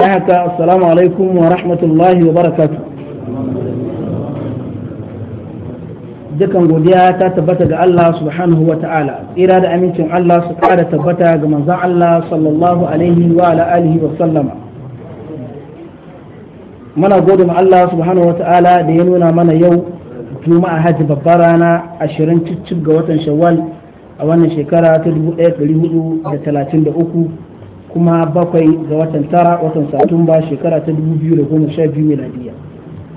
da haka assalamu alaikum wa rahmatullahi wa barakatu dukan godiya ta tabbata ga Allah subhanahu wa ta'ala tsira da amincin Allah su ƙara tabbata ga manzon Allah sallallahu alaihi wa ala alihi wa sallama muna gode ma Allah subhanahu wa ta'ala da ya nuna mana yau juma'a hajji babbar rana ashirin cicci ga watan shawwal a wannan shekara ta 1433 kuma bakwai ga watan tara watan satumba shekara ta 2012 miladiya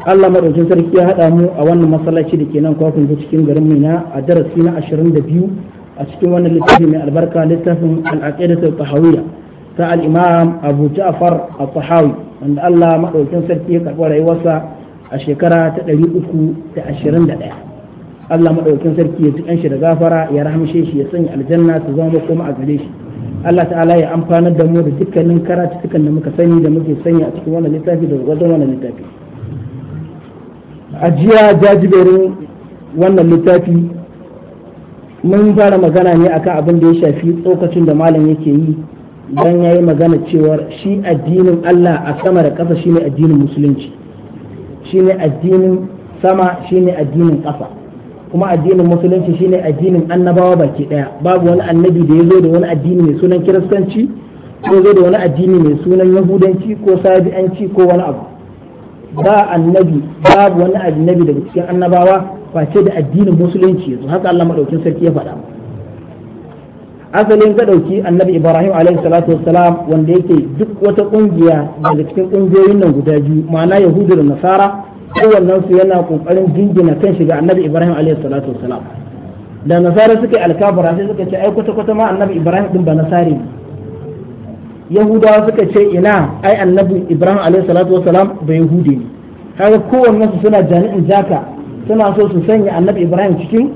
Allah madaukin sarki ya haɗa mu a wannan masallaci da ke nan kwakwun da cikin garin Mina a darasi na ashirin biyu a cikin wannan littafi mai albarka littafin al ta tahawiyya ta al-imam Abu Ja'far al-Tahawi wanda Allah madaukin sarki ya karɓi rayuwarsa a shekara ta ɗaya Allah madaukin sarki ya ji kanshi da gafara ya rahamshe shi ya sanya aljanna su zama kuma a gare shi Allah ta'ala ya amfanar da mu da dukkanin karatukan da muka sani da muke sani a cikin wannan littafi da wajen wannan littafi ajiya jiya jajiberin wannan littafi mun fara magana ne akan abin da ya shafi tsokacin da malam yake yi dan yayi yi magana cewar shi addinin Allah a sama da ƙasa shine addinin musulunci shine addinin sama shine addinin ƙasa kuma addinin musulunci shine addinin annabawa baki daya babu wani annabi da ya zo da wani addini mai sunan kiristanci ko zo da wani addini mai sunan yahudanci ko sabi'anci ko wani abu ba annabi babu wani annabi daga cikin annabawa face da addinin musulunci yanzu haka Allah madaukin sarki ya faɗa asalin ka dauki annabi Ibrahim alaihi salatu wassalam wanda yake duk wata kungiya daga cikin kungiyoyin nan guda biyu ma'ana yahudu da nasara kowannen su yana kokarin jingina kan shiga annabi ibrahim alaihi salatu wasalam da nasara suka yi alkafara sai suka ce ai kwata kwata ma annabi ibrahim din ba nasari yahudawa suka ce ina ai annabi ibrahim alaihi salatu wasalam ba yahudi ne kaga kowannen su suna jami'in jaka suna so su sanya annabi ibrahim cikin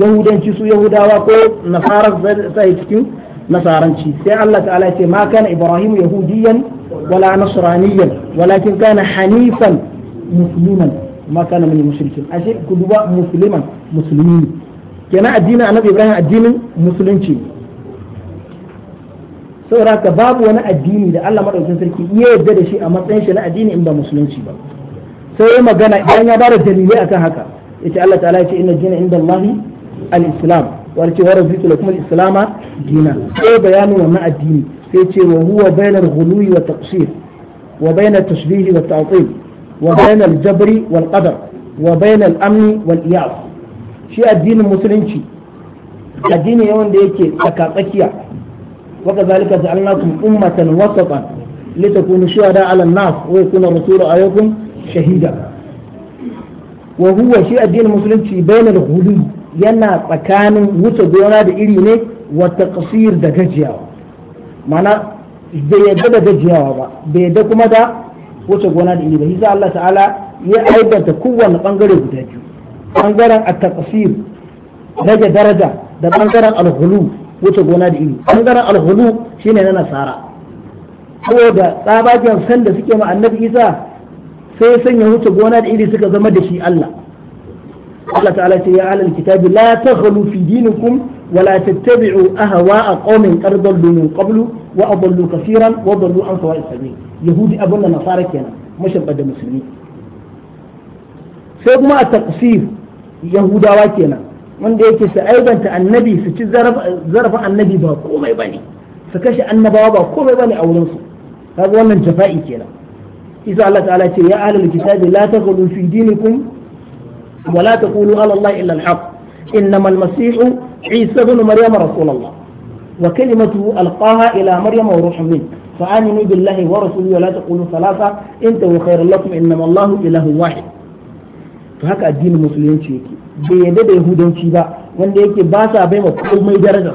yahudanci su yahudawa ko nasara sai cikin nasaranci sai Allah ta'ala ya ce ma kana ibrahim yahudiyan wala nasraniyan walakin kana hanifan musliman ma kana min mushrikin ashe ku duba musliman musulmi kenan addinin ibrahim addinin musulunci saboda haka babu wani addini da Allah madaukakin sarki iya yadda da shi a matsayin shi na addini in ba musulunci ba sai ya magana idan ya bada dalilai akan haka yace Allah ta'ala yace inna dina inda Allah al-islam wa yace wa rabbitu lakum al-islam dina sai bayanin wannan addini sai ce wa huwa bainal ghuluwi wa taqsir wa bainat tashbih wa ta'til وبين الجبر والقدر وبين الأمن والإياس شيء الدين المسلمي الدين يوم ديك تكاكيا وكذلك جعلناكم أمة وسطا لتكونوا شهداء على الناس ويكون الرسول عليكم شهيدا وهو شيء الدين المسلمي بين الغلو yana tsakanin wuce gona da iri ne wata kasir da gajiyawa mana bai yadda da gajiyawa ba bai yadda kuma da wuce gona da ilimi shi Allah ta'ala ya aibanta kowanne bangare guda biyu bangaren a taqsir rage daraja da bangaren al-ghulu wuce gona da ilimi bangaren al-ghulu shine na nasara saboda tsabagen san da suke ma annabi Isa sai sanya wuce gona da iri suka zama da shi Allah قال تعالى يا أهل الكتاب لا تغلوا في دينكم ولا تتبعوا أهواء قوم قد من قبل وأضلوا كثيرا وضلوا عن سواء السبيل يهودي أبونا نصارى كنا مش بدل مسلمين سيدما التقصير يهودا واكينا من ديك سأيضا النبي سيتي زرف, عن النبي بها كوما يباني فكشي أن بابا كوما يباني أولنصر هذا هو من جفائي كنا إذا الله تعالى يا أهل الكتاب لا تغلوا في دينكم ولا تقولوا على الله إلا الحق إنما المسيح عيسى بن مريم رسول الله وكلمته ألقاها إلى مريم وروح منه فآمنوا بالله ورسوله ولا تقولوا ثلاثة انتهوا خير لكم إنما الله إله واحد فهكا الدين المسلمين شيكي بيد اليهود شيبا وان يكي باسا بيما مي درجة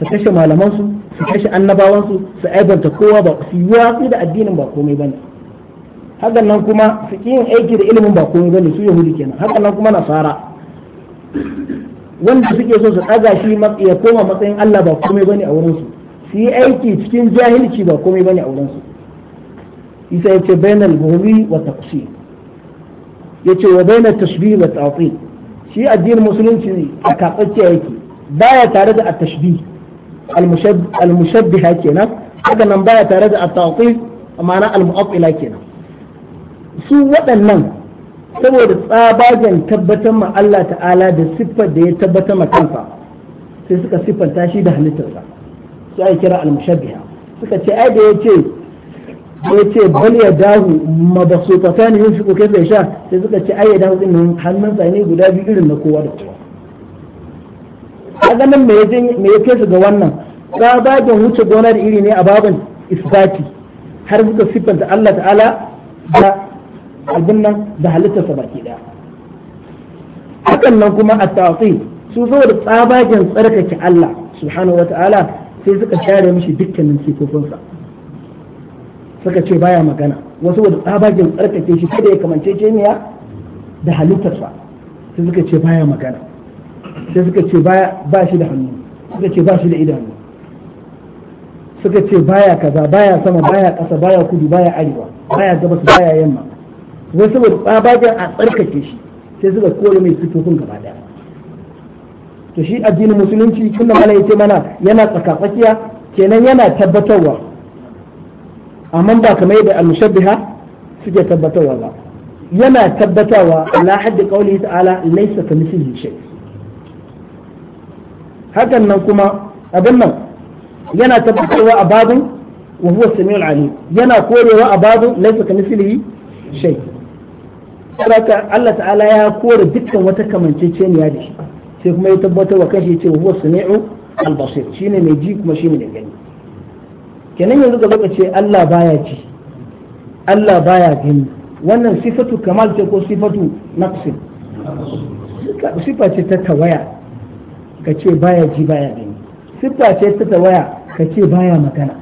فكشف malamansu su kashe annabawansu su aibanta kowa ba su yi watsi da addinin ba hakan nan kuma suke yin aiki da ilimin ba komai bane su yahudi kenan hakan nan kuma nasara wanda suke so su ɗaga shi ya koma matsayin Allah ba komai bane a wurin su su yi aiki cikin jahilci ba komai bane a wurin su isa yace bainal buhuri wa taqsir yace wa bainat tashbih wa ta'til shi addinin musulunci ne a kakakkiya yake baya tare da at-tashbih al-mushabbiha kenan haka nan baya tare da at-ta'til ma'ana al-mu'attila kenan su waɗannan saboda tsabagen tabbatar ma Allah ta'ala da siffar da ya tabbatar ma kansa sai suka siffanta shi da halittarsa su ai kira al-mushabbiha suka ce ai da yace ya ce bal ya dahu mabasutata ne yunfiqu kayfa sha sai suka ce ai ya dahu din nan hannunsa ne guda biyu irin na kowa da kowa kaga nan me yaje me yake su ga wannan tsabagen wuce gona da iri ne a babin isbati har suka siffanta Allah ta'ala da abin nan da halittarsa baki daya hakan nan kuma a tafi su saboda tsabagen tsarkake Allah subhanahu wata'ala sai suka share mishi dukkanin sifofinsa suka ce baya magana wasu da tsabagen tsarkake shi kada ya kamance ceniya da halittarsa sai suka ce baya magana sai suka ce ba shi da hannu suka ce ba shi da idanu suka ce baya kaza baya sama baya ƙasa baya kudu baya arewa baya gabas baya yamma wai saboda tsabagen a tsarkake shi sai suka kore mai sifofin gaba daya to shi addinin musulunci tun da malai ce mana yana tsakatsakiya kenan yana tabbatarwa amma ba kamar yadda al-mushabbiha suke tabbatarwa ba yana tabbatawa ala haddi qaulihi ta'ala laysa kamithlihi shay hakan nan kuma abin nan yana tabbatarwa a babin wa huwa samiul alim yana korewa a babin laysa kamithlihi shay saboda Allah ta'ala ya kore dukkan wata kamanceceniya da shi sai kuma ya tabbatar wa kashi ce huwa sami'u al-basir shine mai ji kuma shine mai gani kenan yanzu gaba ka ce Allah baya ji Allah baya gani wannan sifatu kamal ce ko sifatu naqsi sifa ce ta tawaya ka ce baya ji baya gani sifa ce ta tawaya ka ce baya magana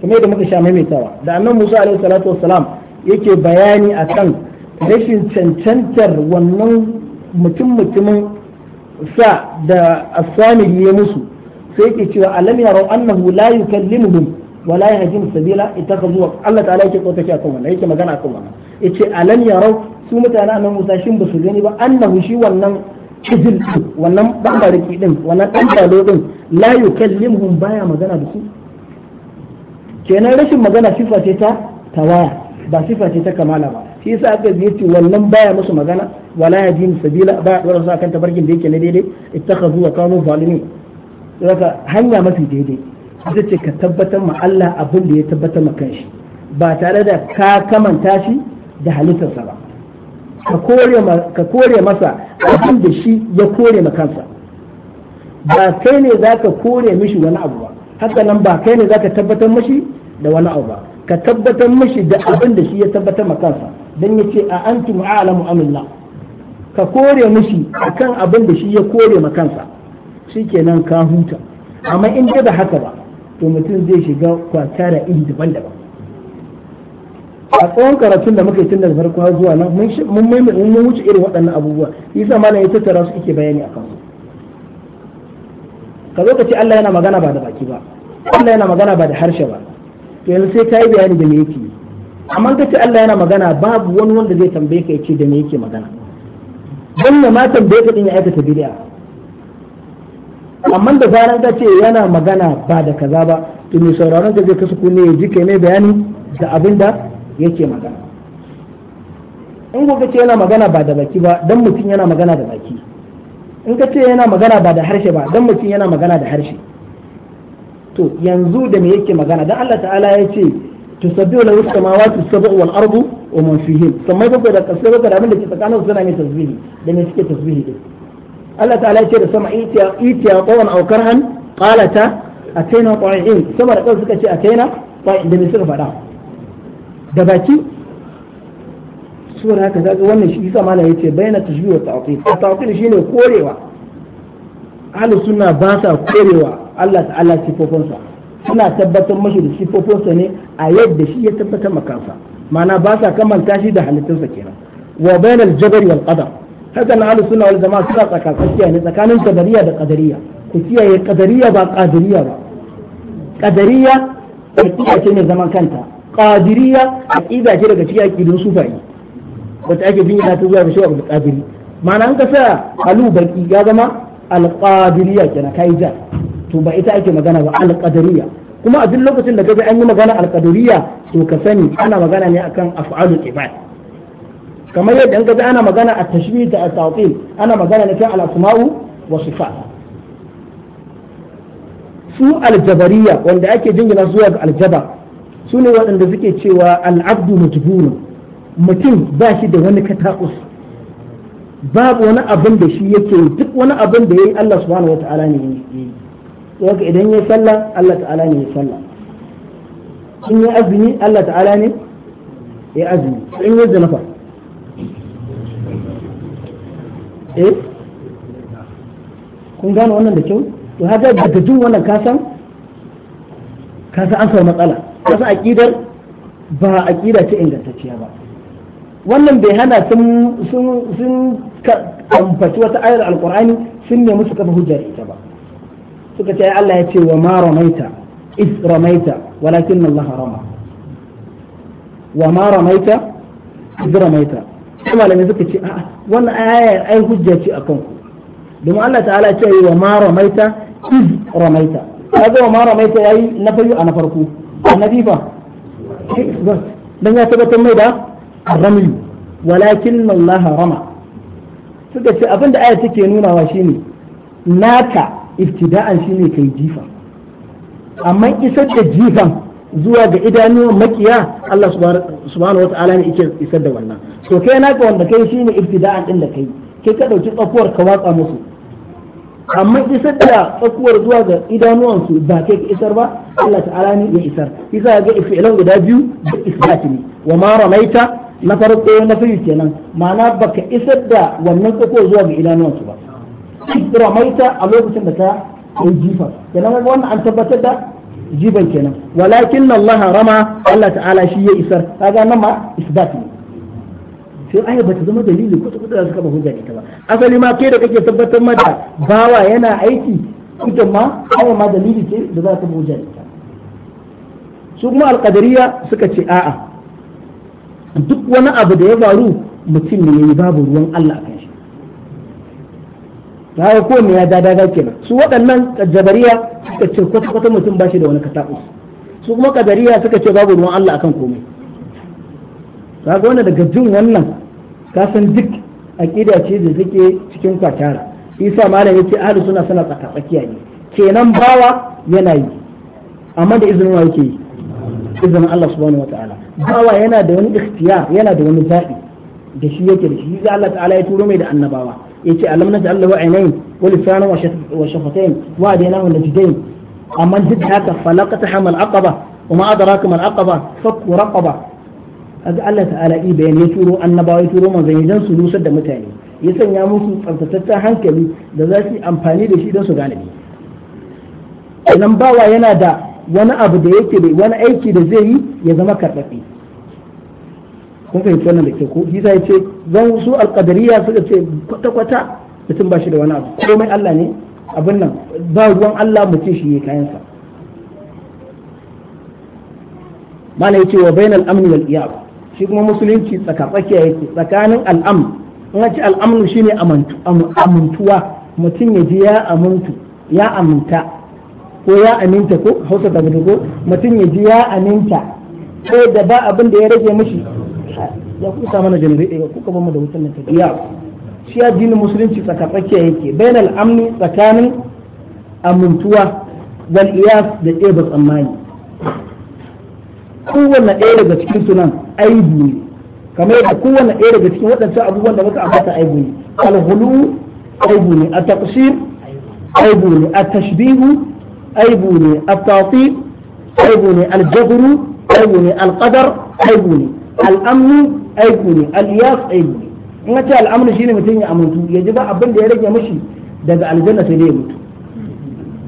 kuma da muka sha maimaitawa da annabi Musa alaihi salatu wassalam yake bayani akan rashin cancantar wannan mutum mutumin sa da aswamil ya musu sai ke cewa alam yarau annahu la yukallimuhum wa la yahdim sabila ittakhadhu Allah ta'ala yake ko take akan wannan yake magana akan wannan yace alam yarau su mutane annabi Musa shin ba su gani ba annahu shi wannan kijil wannan bambarki din wannan dan balo din la yukallimuhum baya magana da su kenan rashin magana sifa ce ta tawaya ba sifa ce ta kamala ba shi yasa aka yace wannan baya musu magana wala yadin sabila baya dora su akan tabarkin da yake na daidai ittakhadhu wa kanu zalimin saka hanya mafi daidai ita ce ka tabbatar ma Allah abin da ya tabbatar ma kanshi ba tare da ka kamanta shi da halittarsa ba ka kore masa abin da shi ya kore ma kansa ba kai ne za ka kore mishi wani abu ba haka nan ba kai ne za ka tabbatar mashi da wani abu ba ka tabbatar mishi da abin da shi ya tabbatar ma kansa dan ce a antum a'lamu amina ka kore mishi akan abin da shi ya kore ma kansa shikenan ka huta amma in dai ba haka ba to mutum zai shiga kwatara iri daban-daban a tsawon karatun da muka yi tun daga farko har zuwa nan mun mun wuce irin waɗannan abubuwa yasa malam ya tattara su yake bayani akan su ka zo ka ce Allah yana magana ba da baki ba Allah yana magana ba da harshe ba yanzu sai ka yi bayani da me yake amma ka ce Allah yana magana babu wani wanda zai tambaye ka ya da me yake magana wannan ma tambaye ka din ya aikata bid'a amma da zaran ka ce yana magana ba da kaza ba to me sauraron ka zai kasu kunne ya ji kai mai bayani da abin da yake magana in ka ce yana magana ba da baki ba dan mutum yana magana da baki in ka ce yana magana ba da harshe ba dan mutum yana magana da harshe to yanzu da me yake magana dan Allah ta'ala ya ce tusabbihu lahu samawati sab'u wal ardu wa man fihin sammai bakwai da kasar da abin da ke tsakanin suna ne tasbihi da me suke tasbihi din Allah ta'ala ya ce da sama itiya itiya qawan aw karhan qalata atayna qa'in sama da kansu suka ce atayna qa'in da me suka faɗa da baki sura haka kaga wannan shi yasa malai yace bayyana tashbih wa ta'til ta'til shine korewa ahlus sunna ba sa korewa Allah ta'ala sifofinsa suna tabbatar mashi da sifofinsa ne a yadda shi ya tabbatar makansa ma'ana ba sa kamanta shi da halittunsa kenan wa bainal jabari wal qadar haka na ahlus sunna wal jama'a suna tsakatsakiya ne tsakanin jabariya da qadariya ku kiyaye qadariya ba qadariya ba qadariya aqida ce mai zaman kanta qadiriya aqida ce daga cikin aqidun sufai wata ake bincika ta zuwa ga shawar qadiri ma'ana an ka sa alu baki ya zama al qadiriya kenan kai ja to ba ita ake magana ba alƙadariya? kuma a duk lokacin da kaje an yi magana alƙadariya to ka sani ana magana ne akan af'alul ibad kamar yadda an kaje ana magana a tashbih da at-ta'til ana magana ne kan al-asma'u wa sifat su aljabariya wanda ake jingina zuwa ga aljaba su ne waɗanda suke cewa al'abdu mutubunu mutum ba shi da wani katakus babu wani abin da shi yake duk wani abin da ya yi Allah subhanahu wa ta'ala ne yi yau idan ya sallah Allah ta'ala ne ya sallah in ya azumi Allah ta'ala ne ya azumi in ya zanafa eh kun gano wannan da kyau to haka daga jin wannan kasan kasan an samu matsala kasan aqidar ba aqida ce ingantacciya ba wannan bai hana sun sun sun ambaci wata ayar alqur'ani sun nemi su kafa hujjar ita ba suka ce Allah ya ce wa ma ramaita is ramaita walakin Allah rama wa ma ramaita is ramaita sai suka ce a'a wannan aya ai hujja ce akan ku domin Allah ta'ala ce wa ma ramaita is ramaita kaga wa ma ramaita yayi na fayu a na farko annabi dan ya tabbatar mai da ramli walakin Allah rama suka ce abinda aya take nunawa shine nata ibtida'an shine kai jifa amma isar da jifan zuwa ga idanuwan makiya Allah subhanahu wata'ala ne yake isar da wannan to kai ga wanda kai shine ibtida'an din da kai kai ka dauki tsakuwar ka watsa musu amma isar da tsakuwar zuwa ga idanuwansu ba kai ka isar ba Allah ta'ala ne ya isar isa ga ifilan guda biyu da isbat ne wa ma ramaita na farko na fiye kenan ma'ana baka isar da wannan tsakuwar zuwa ga idanuwansu ba ramaita a lokacin da ka yi jifa kenan wannan an tabbatar da jiban kenan walakin Allah rama Allah ta'ala shi ya isar kaga nan ma isbat ne sai aya bata zama dalili kuta kuta da suka ba hujja ita ba asali ma ke da kake tabbatar ma da bawa yana aiki ita ma aya ma dalili ce da za ta hujja ita su kuma alqadariya suka ce a'a duk wani abu da ya faru mutum ne yayi babu ruwan Allah kai ta haka kowanne ya dada daga kenan su waɗannan jabariya suka ce kwata kwata mutum ba shi da wani katakus su kuma kadariya suka ce babu ruwan Allah akan komai ka ga wanda daga jin wannan ka san duk aqida ce da take cikin kwatara isa malam yace ahli suna suna tsakiya ne kenan bawa yana yi amma da izinin wa yake yi izinin Allah subhanahu wataala bawa yana da wani ikhtiyar yana da wani zabi da shi yake da shi Allah ta'ala ya turo mai da annabawa yace alam na ja'alla wa'inain wa lisanan wa shafatain wa adinahu najdain amma duk haka falaqata hamal aqaba wa ma adraka mal aqaba fakku raqaba kaga Allah ta'ala i bayan ya turo annabawa ya turo manzanni dan su rusar da mutane ya sanya musu tsaftataccen hankali da za su amfani da shi don su gane idan bawa yana da wani abu da yake da wani aiki da zai yi ya zama karɓaɓɓe kun fahimci wannan da ke ko isa ya ce zan su alƙadariya suka ce kwata-kwata mutum ba shi da wani abu komai Allah ne abin nan ba ruwan Allah mutum shi yi kayansa mana ce wa bainal amni wal iyab shi kuma musulunci tsaka tsakiya yake tsakanin al'am in ce al'amnu shine amintuwa mutum ya ji ya amuntu ya aminta ko ya aminta ko hausa da ko mutum ya ji ya aminta ko da ba abin da ya rage mishi ya kusa mana jami'ai ya eh, kuka ba mu da wutan lantarki ya shi addinin musulunci tsakatsakiya yake bainal amni tsakanin amintuwa wal iyas da ɗeba tsammani kowanne ɗaya daga cikin sunan aibu ne kamar yadda kowanne ɗaya daga cikin waɗancan abubuwan da muka ambata aibu ne alhulu aibu ne a taqsir aibu ne a tashbihu aibu ne a tafi aibu ne aljabru aibu ne alqadar aibu ne al'amnu aiki ne al'iyas aiki ne in ka ce al'amnu shine mutum ya amintu ya ji ba abin da ya rage mashi daga aljanna sai dai ya mutu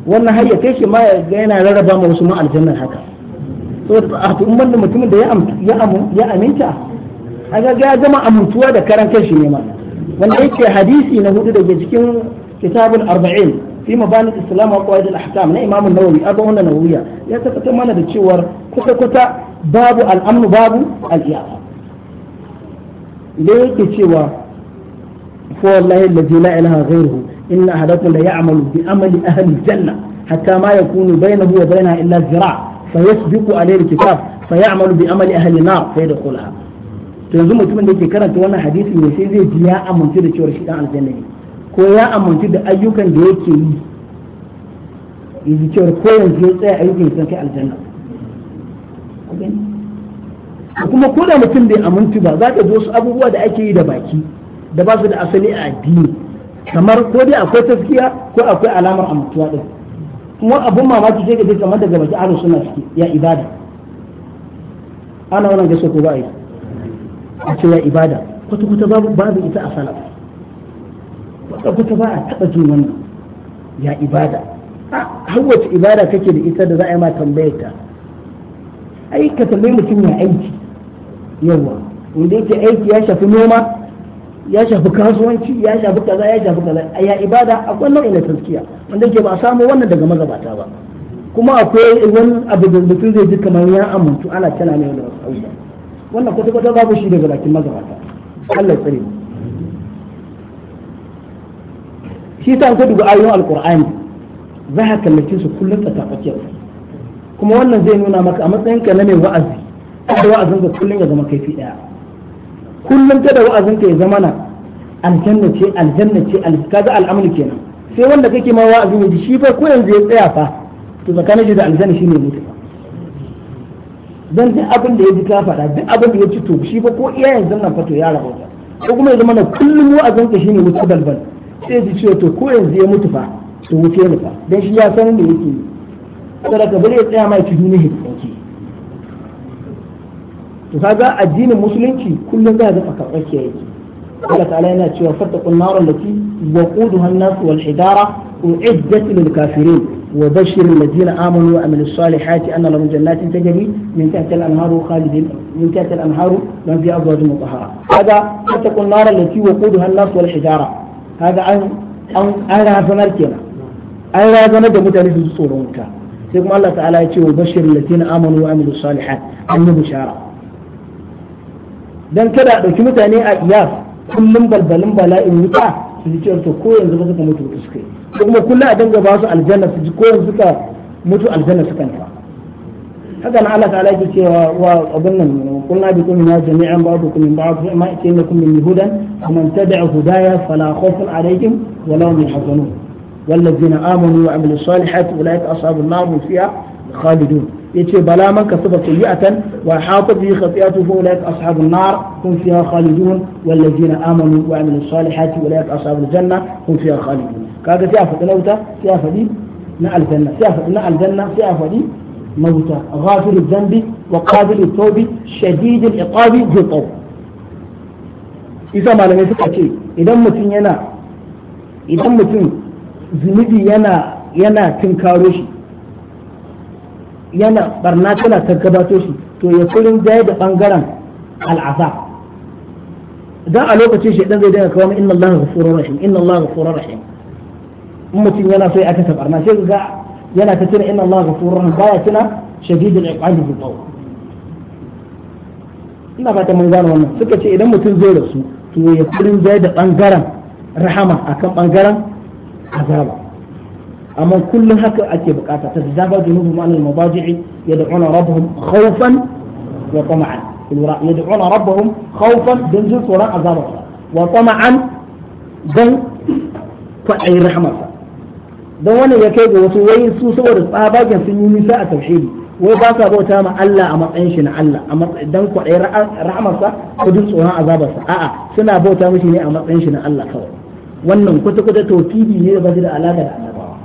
wannan har ya kai shi ma ya ga yana rarraba ma wasu ma aljannar haka saboda a da mutumin da ya aminta a ga ya gama amintuwa da karan shi ne ma wanda yake hadisi na hudu daga cikin kitabul arba'in في مباني الاسلام وقواعد الاحكام نا امام النووي ابو هنا نووية يا تفتم انا دتشور كتا كتا باب الامن باب الجياد ليه كتشوا فو الله الذي لا اله غيره ان احدكم ليعمل بامل اهل الجنه حتى ما يكون بينه وبينها الا ذراع فيسبق عليه الكتاب فيعمل بامل اهل النار فيدخلها. تنظم تمن ديك كانت وانا حديث يسير يا امن تدشور شيطان الجنه ko ya amince da ayyukan da yake yi yanzu cewar ko yanzu ya tsaya ayyukan sun kai aljanna kuma ko da mutum bai aminci ba za ka ji wasu abubuwa da ake yi da baki da ba su da asali a addini kamar ko dai akwai taskiya ko akwai alamar amintuwa din kuma abun mamaki sai ka ji kamar daga baki ahlus sunna suke ya ibada ana wannan gaske ko ba a yi a ce ya ibada kwata-kwata babu ita a salaf kwata-kwata ba a taɓa jin wannan ya ibada har wace ibada kake da ita da za a yi ma tambayar ta ai ka tambayi mutum ya aiki yawa inda yake aiki ya shafi noma ya shafi kasuwanci ya shafi kaza ya shafi kaza a ya ibada akwai nau'in na taskiya wanda yake ba a samu wannan daga mazabata ba kuma akwai wani abu da mutum zai ji kamar ya amintu ana tana mai wani wasu wannan kwata-kwata babu shi daga bakin mazabata Allah ya tsare mu shi ta ka duba ayoyin alkur'ani za ka kallace su kullum ta tafakiyar kuma wannan zai nuna maka a matsayin ka na mai wa'azi kada wa'azin ka kullum ya zama kaifi daya kullum kada wa'azin ka ya zama na aljanna ce aljanna ce kaga al'amuri kenan sai wanda kake ma wa'azi ne shi fa ko yanzu ya tsaya fa to tsakanin shi da aljanna shine mutu dan duk abin da ya ji ka faɗa duk abin da ya ci to shi fa ko iyayen zannan fa to ya rabu ko kuma ya zama na kullum wa'azin ka shine mutu balbal sai ji cewa to ko yanzu ya mutu fa to wuce ni fa dan shi ya san me yake yi saboda bari ya tsaya mai tuduni hikimanki to kaga addinin musulunci kullum za ga faka yake Allah ta'ala yana cewa fattaqun narar lati waquduha an-nas wal hidara u'iddat lil kafirin wa bashir alladhina amanu wa amilus salihati anna lahum jannatin tajri min tahtiha al-anharu khalidin min tahtiha al-anharu man fiha azwajun mutahhara kaga fattaqun lati an-nas wal hidara kaga an an razanar kenan an razanar da mutane su tsoron wuta sai kuma Allah ta'ala ya ce wa bashir latina amanu wa amilu salihat an yi bishara dan kada dauki mutane a iyas kullum balbalin bala'in wuta su ji cewa to ko yanzu ba suka mutu suka yi kuma kullum a dinga ba su aljanna su ji ko yanzu suka mutu aljanna suka nufa هذا ما على ذلك وأظن قلنا بكم من جميعا بعضكم من بعض ما يأتين لكم من هدى ومن تبع هدايا فلا خوف عليهم ولا هم يحزنون والذين آمنوا وعملوا الصالحات أولئك أصحاب النار هم فيها خالدون يأتي بلا من كسب سيئة واحاط به خطيئته فأولئك أصحاب النار هم فيها خالدون والذين آمنوا وعملوا الصالحات أولئك أصحاب الجنة هم فيها خالدون كذا سيافة نوتة سيافة دي نعل الجنة سيافة نعل الجنة سيافة دي موتى غافل الذنب وقابل التوب شديد العقاب ذو isa malamai suka ce idan mutum yana idan mutum zunubi yana yana tunkaro shi yana barna tana tankabato shi to ya kurin da a lokacin shi dan zai dinga kawo inna Allah ghafurur rahim inna Allah ghafurur rahim mutum yana so ya aka tabarna sai ga yana ta tuna inna Allah ghafurur rahim baya tuna shadidul iqabi bil qawl ina fata mun gane wannan suka ce idan mutum zai rasu to ya kurin zai da bangaren rahama akan bangaren azaba amma kullum haka ake bukata ta zaba junubu ma'al mabaji'i yad'una rabbahum khawfan wa tama'an yad'una rabbahum khawfan dan jin tsoron azaba wa tama'an dan fa'ai rahmarsa don wannan ya kai ga wasu wai su saboda tsabagen sun yi nisa a tauhidi wai ba sa bauta ma Allah a matsayin shi na Allah a dan kwaɗayi rahamarsa ko duk tsoron azabarsa a'a suna bauta mishi ne a matsayin shi na Allah kawai wannan kwata kwata tauhidi ne da ba da alaka da annabawa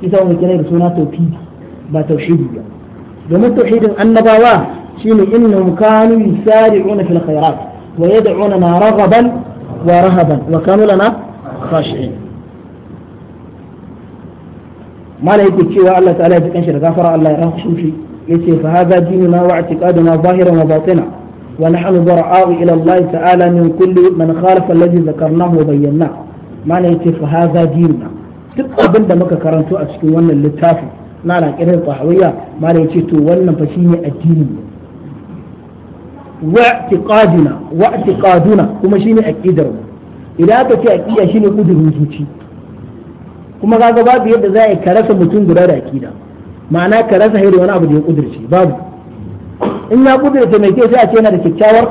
kisa wani kira da suna tauhidi ba tauhidi ba domin tauhidin annabawa shine innahum kanu yusari'una fil khairat wa yad'una raghaban wa rahaban wa kanu lana khashi'in mala yake cewa Allah ta'ala ya ji kanshi da gafara Allah ya rahsu shi yace fa hadha dinuna wa i'tiqaduna zahiran wa batina wa nahnu bara'u ila Allah ta'ala min kulli man khalafa alladhi dhakarnahu wa bayyana mala yace fa hadha dinuna duk abin da muka karanto a cikin wannan littafi na alaƙirar tahawiyya mala yace to wannan fa shine addini wa i'tiqaduna wa kuma shine aqidar idan aka ce aqida shine kudurin zuci. kuma kaga babu yadda za a karasa mutum guda da akida ma'ana karasa rasa hairi wani abu da ya kudirce babu in ya kudirce mai kyau sai a ce yana da kyakkyawar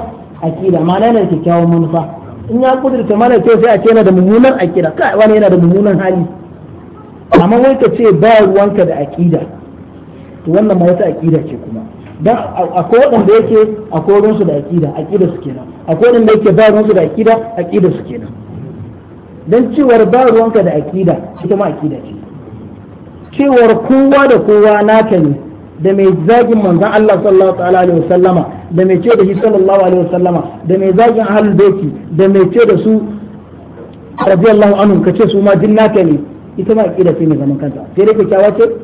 akida ma'ana yana da kyakkyawar manufa in ya kudirce mara kyau sai a ce yana da mummunan akida kai wani yana da mummunan hali amma wai ka ce ba ruwanka da akida to wannan ma wata akida ce kuma dan akwai waɗanda yake akwai ruwansu da akida akida su kenan akwai waɗanda yake ba ruwansu da akida akida su kenan Don cewar ba ruwanka da akida ita ma akida ce cewar kowa da kowa naka ne da mai zagin manzan Allah sallallahu alaihi wasallama da mai ce da shi sallallahu alaihi wasallama da mai zagin ahlul baiti da mai ce da su radiyallahu anhu ce su ma din naka ne ita ma akida ce mai zaman kanta sai dai kyakkyawa ce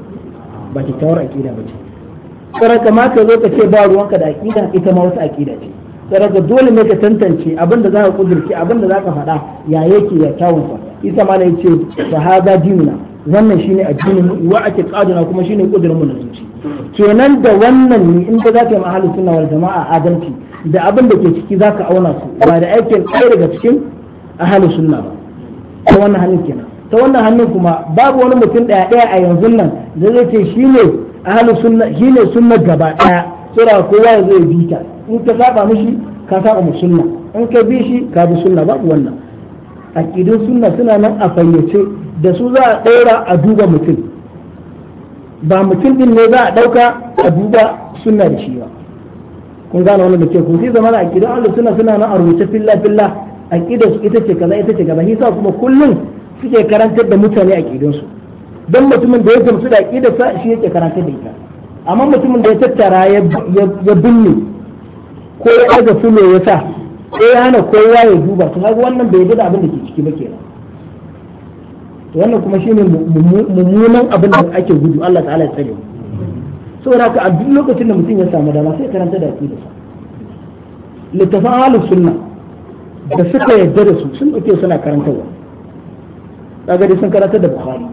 ba kyakkyawar akida ba ce kuma kamata zo ka ce ba ruwanka da akida ita ma wata akida ce sai dole ne ka tantance abin da za ka kudurki abin da za ka faɗa ya yake ya kyawun sa isa ma ne ce da haza dinuna wannan shine addinin wa ake kaduna kuma shine kudurin mu na zuci kenan da wannan ne in ka za ka yi mahalin sunna wal jama'a adalci da abin da ke ciki za ka auna su ba da aikin ɗaya daga cikin ahalin sunna ba ta wannan hannun kenan ta wannan hannun kuma babu wani mutum ɗaya ɗaya a yanzu nan da zai ce shine ne sunna shine sunna gaba ɗaya sura kowa ya zo ya bi ta in ka saba mishi ka saba mu sunna in ka bi shi ka bi sunna babu wannan aqidun sunna suna nan a fayyace da su za a daura a duba mutum ba mutum din ne za a ɗauka a duba sunna da shi ba kun gane wannan da ke kun sai zama aqidun Allah sunna suna nan a rubuce filla filla aqidar su ita ce kaza ita ce kaza hisa kuma kullum suke karantar da mutane aqidun su dan mutumin da ya gamsu da aqidar sa shi yake karantar da ita amma mutumin da ya tattara ya binne ko ya aza fulo ya sa ko ya hana kowa ya duba to kaga wannan bai da abin da ke ciki ba kenan to wannan kuma shine mummunan abin da ake gudu Allah ta'ala ya tsare saboda haka a duk lokacin da mutum ya samu dama sai karanta da aqida sa littafin ahlus sunna da suka yadda da su sun dauke suna karantarwa kaga dai sun karanta da bukhari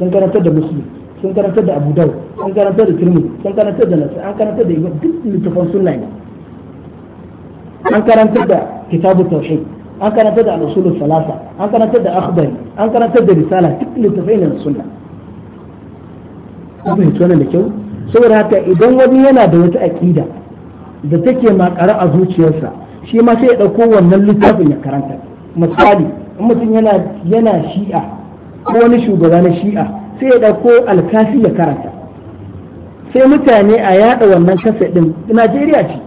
sun karanta da muslim sun karanta da abu dawud sun karanta da tirmidhi sun karanta da nasai an karanta da duk littafin sunna ne an karantar da kitabu tauhid an karantar da al-usulul salasa an karantar da akhbar an karantar da risala duk littafai ne na sunna ku fahimci wannan da kyau saboda haka idan wani yana da wata aqida da take makara a zuciyarsa shi ma sai ya dauko wannan littafin ya karanta misali in mutum yana yana shi'a ko wani shugaba na shi'a sai ya dauko alkafi ya karanta sai mutane a yada wannan kasa din Najeriya ce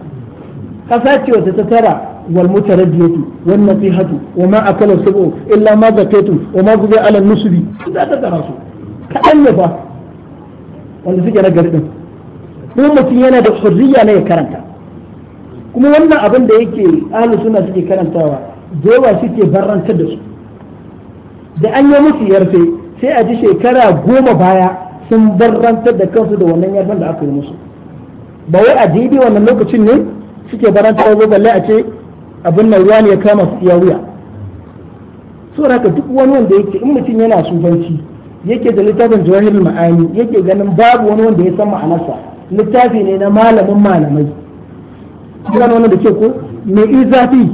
ƙasa ce wata ta tara wal mutaraddiyatu wan nasihatu wa ma akala subu illa ma zakatu wa ma zubi ala nusubi za ta tara su kaɗan ne fa wanda suke na garin ko mutum yana da hurriya ne ya karanta kuma wannan abin da yake ahlus sunna suke karantawa jewa suke barrantar da su da an yi musu yarfe sai a ji shekara goma baya sun barrantar da kansu da wannan yarfen da aka yi musu ba wai a daidai wannan lokacin ne suke baranta ta balle a ce abin nan ruwa ne ya kama su iya wuya so duk wani wanda yake in mutum yana sufanci yake da littafin jawahir ma'ani yake ganin babu wani wanda ya san ma'anarsa littafi ne na malamin malamai kuma wani da ke ko mai izafi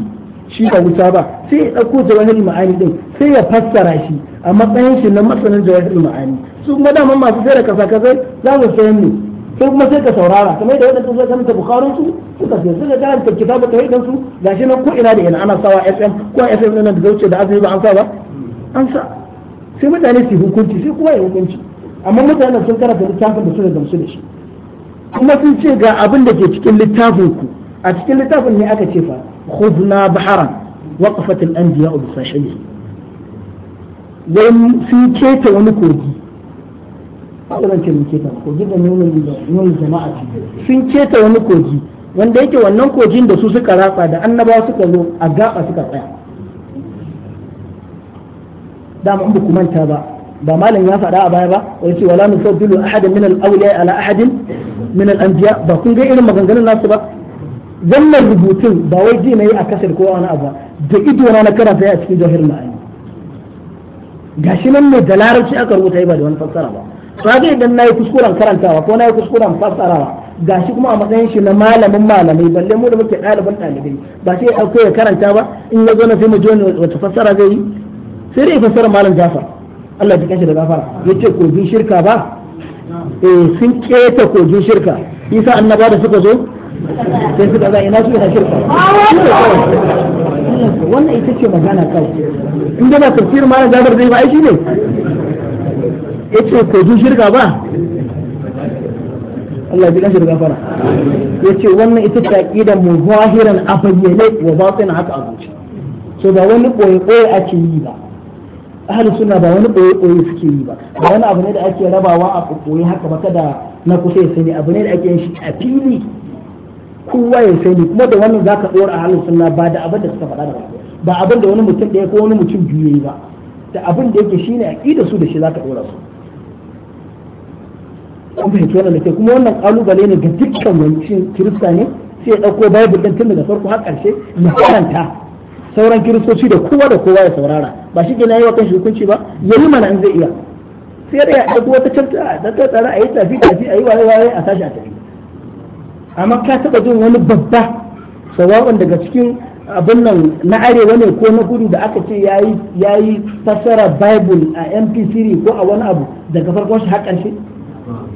shi ba wuta ba sai ya ɗauko jawahir ma'ani din sai ya fassara shi a matsayin shi na masanin jawahir ma'ani su kuma masu sai da kasa-kasai za su sayan ne sai kuma sai ka saurara kamar yadda wadanda suka karanta bukharun su suka sai suka ta kitabu tauhidin su gashi nan ko ina da yana ana sawa FM ko FM nan da zauce da azumi ba an sa ba an sa sai mutane su hukunci sai kowa ya hukunci amma mutanen sun karanta littafin da suka gamsu da shi kuma sun ce ga abin da ke cikin littafin ku a cikin littafin ne aka ce fa khudna baharan waqfat al-anbiya bi sahili wai sun keta wani kogi ƙuran ce mun keta kogi da nuna jama'a sun keta wani kogi wanda yake wannan kogin da su suka ratsa da annabawa suka zo a gaba suka tsaya dama in ku manta ba ba malam ya faɗa a baya ba wai ce wala nufaddilu ahadan min al-awliya ala ahadin min al-anbiya ba kun ga irin maganganun nasu ba wannan rubutun ba wai ji nayi a kasar ko wani abu da ido na karanta a cikin jahil ma'ani gashi nan ne da larabci aka rubuta ba da wani fassara ba kaga idan yi kuskuren karantawa ko na yi kuskuren fassarawa gashi kuma a matsayin shi na malamin malamai balle mu da muke ɗaliban ɗalibai ba sai ya ya karanta ba in ya zo na sai mu joni wata fassara zai yi sai dai fassara malam Jafar Allah ya kashe da gafara ce kogin shirka ba eh sun keta kogin shirka isa annaba da suka zo sai suka za ina su ina shirka wannan ita ce magana kawai in da na tafsir malam Jafar zai ba aiki ne yace ko ju shirka ba Allah ji shirka da fara yace wannan ita ta aqida mu zahiran a bayyane wa batin haka a zuci so ba wani koyi koyi ke yi ba ahlus sunna ba wani koyi koyi suke yi ba ba wani abu ne da ake rabawa a koyi haka ba kada na kusa ya sani abu ne da ake yin shi a fili kowa ya sani kuma da wannan zaka dora halin sunna ba da abin da suka faɗa da ba abin da wani mutum ɗaya ko wani mutum biyu ya yi ba da abin da yake shine ƙida su da shi zaka dora su kun fahimci wannan ke kuma wannan kalubale ne ga dukkan wancin kirista ne sai ya dauko bible din tun daga farko har karshe na karanta sauran kiristoci da kowa da kowa ya saurara ba shi ke na yi wa kanshi hukunci ba yayi mana in zai iya sai da ya ɗauki wata canta da ta tsara a yi tafi tafi a yi waye waye a tashi a tafi amma ka taɓa jin wani babba sawa'un daga cikin abin nan na arewa ne ko na gudu da aka ce ya yi fassara bible a mp3 ko a wani abu daga farkon shi har ƙarshe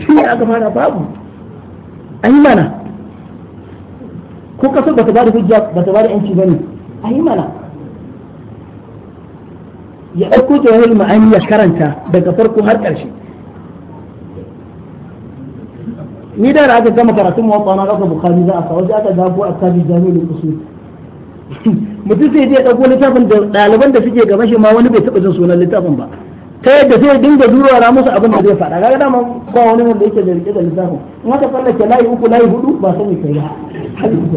shi ne aka fara babu a yi mana ko kasar ba ta ba da hujja ba ta ba da yanci ba ne a yi mana ya ɗauko wani ma'ani ya karanta daga farko har ƙarshe ni da aka gama karatun mawaƙa na ƙasa bukari za a sa wajen aka gafo a kaji jami'in kusur mutum sai ya ɗauko littafin da ɗaliban da suke gaba shi ma wani bai taɓa jin sunan littafin ba ta yadda zai dinga durara musu abin da zai faɗa ga dama ba wani wanda yake da rike da lissafi in aka tsallake layi uku layi hudu ba sani kai ba hali uku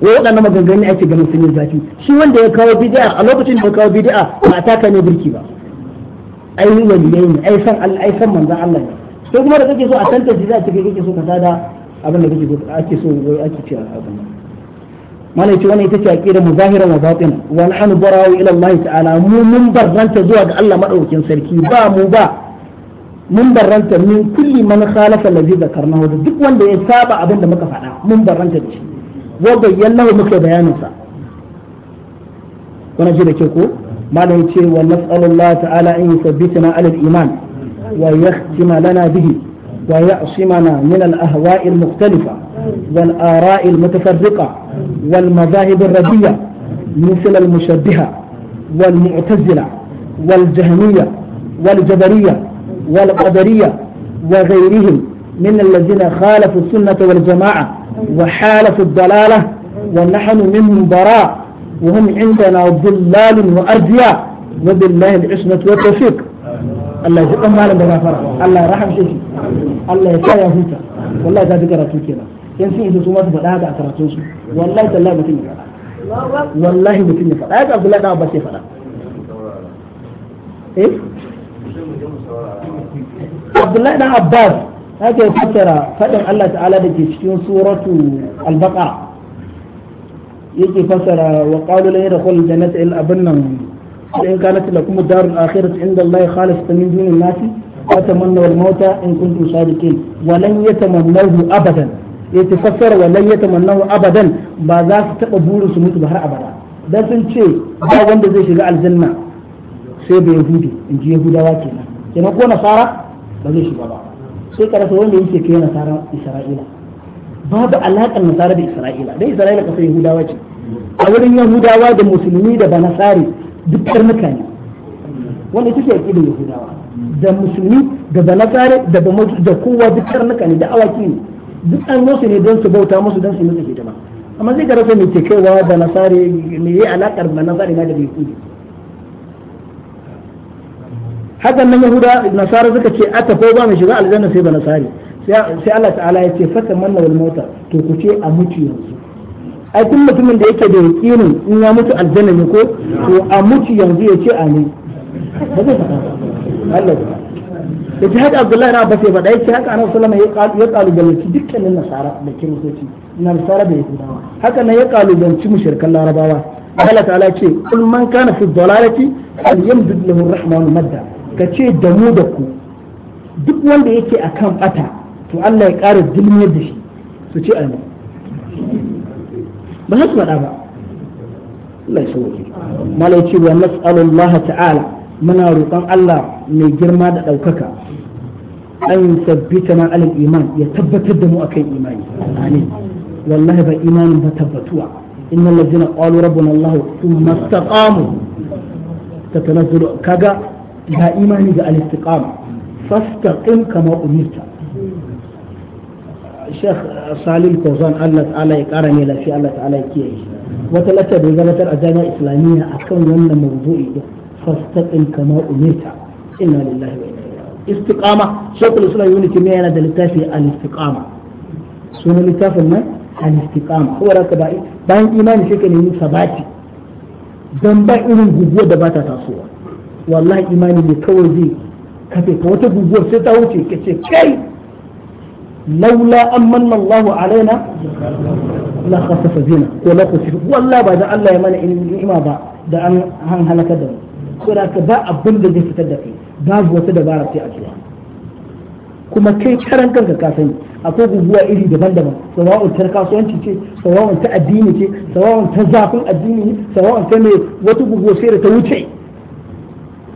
wai waɗannan maganganu ake ganin sun yi zafi shi wanda ya kawo bid'a a lokacin da ya kawo bid'a ba a taka ne birki ba ai wani ne ai san Allah ai san manzon Allah ne sai kuma da kake so a tantance za a kake so ka tada abin da kake so ake so ake a abin malai ce wani ita ce aqida mu wa batin wa nahnu barawu ila Allah ta'ala mu mun barranta zuwa ga Allah madaukakin sarki ba mu ba mun barranta min kulli man khalafa allazi zakarnahu da duk wanda ya saba abin da muka faɗa mun barranta da shi wa bayyana muka bayanin sa kuna ji da ke ko malai ce wa nas'alullahi ta'ala an yuthabbitana ala al-iman wa yahtima lana bihi ويعصمنا من الأهواء المختلفة والآراء المتفرقة والمذاهب الرديئة مثل المشبهة والمعتزلة والجهمية والجبرية والقدرية وغيرهم من الذين خالفوا السنة والجماعة وحالفوا الضلالة ونحن منهم براء وهم عندنا ضلال وأرجياء وبالله العصمة والتوفيق Allah ya ji dan malam da gafara Allah ya rahamshe shi Allah ya sa ya huta wallahi ta ji karatu kenan yan sun isa su ma su faɗa haka a karatun su wallahi tallahi mutum ya faɗa wallahi mutum ya faɗa haka Abdullahi ɗan Abbas ya faɗa eh Abdullahi dan Abbas haka ya fassara faɗin Allah ta'ala da ke cikin suratu al-baqara yake fassara wa qalu la yadkhul jannata illa abunnan فإن كانت لكم الدار الآخرة عند الله خالصة من دون الناس فتمنوا الموت إن كنتم صادقين ولن يتمنوه أبدا يتفسر ولن يتمنوه أبدا بعد ذلك تقبول سموت بحر أبدا dan sun ce ba wanda zai shiga aljanna sai bai yahudi in ji yahudawa kenan kenan ko nasara ba zai shiga ba sai ka rasa wanda yake kai nasara isra'ila babu alaƙar nasara da isra'ila dai isra'ila kasa yahudawa ce a wurin yahudawa da musulmi da banasari duk karnuka ne wanda take aƙidar yahudawa da musulmi da banasari da da kowa duk karnuka ne da awaki ne duk an musu ne don su bauta musu don su musu hidima amma zai karasa mai ke kaiwa da banasari mai yi da banasari na da bai kudi hakan nan yahuda nasara suka ce a ko ba mai shiga aljanna sai banasari sai Allah ta'ala ya ce fata manna wal mota to ku ce a mutu yanzu ai duk mutumin da yake da yakinin in ya mutu aljanna ne ko to a mutu yanzu ya ce amin ba zai faɗa Allah ya ce haka Abdullahi na bace faɗa ya ce haka Annabi sallallahu alaihi wasallam ya kalubalanci dukkanin nasara da kiristoci nasara da yake haka nan ya kalubalanci mushrikan larabawa Allah ta'ala ce kul man kana fi dhalalati yamdud lahu ar rahman madda kace da mu da ku duk wanda yake akan bata to Allah ya ƙara dilmi da shi su ce amin ba za su faɗa ba Allah ya sauke malaici wa nas'alullaha ta'ala muna roƙon Allah mai girma da ɗaukaka an sabbita na alal iman ya tabbatar da mu akan imani amin wallahi ba imanin ba tabbatuwa innal ladzina qalu rabbuna Allah thumma istaqamu tatanazzalu kaga ga imani ga al-istiqama fastaqim kama umirta Sheikh Salim Kozan Allah ta'ala ya kara mai lafiya Allah ta'ala ya kiyaye wata lata da gabatar a jami'a islamiyya akan wannan mawdu'i din fastaqim kama umirta inna lillahi wa inna ilaihi istiqama Sheikhul Islam Ibn Taymiyyah yana da littafi al-istiqama sunan littafin nan al-istiqama ko da ba bayan imani sai ka nemi sabati dan ba irin guguwa da ba ta tasowa wallahi imani ne kawai zai kafe ka wata guguwar sai ta wuce kace kai laula an manna Allah alaina la khasafa bina ko la ba dan Allah ya mana ni'ima ba da an han halaka da mu ko da ka ba abin da zai fitar da kai babu wata dabara sai addu'a kuma kai karan kanka ka sani akwai guguwa iri daban-daban sawa'un ta kasuwanci ce sawa'un ta addini ce sawa'un ta zafin addini ne sawa'un ta wata guguwa da ta wuce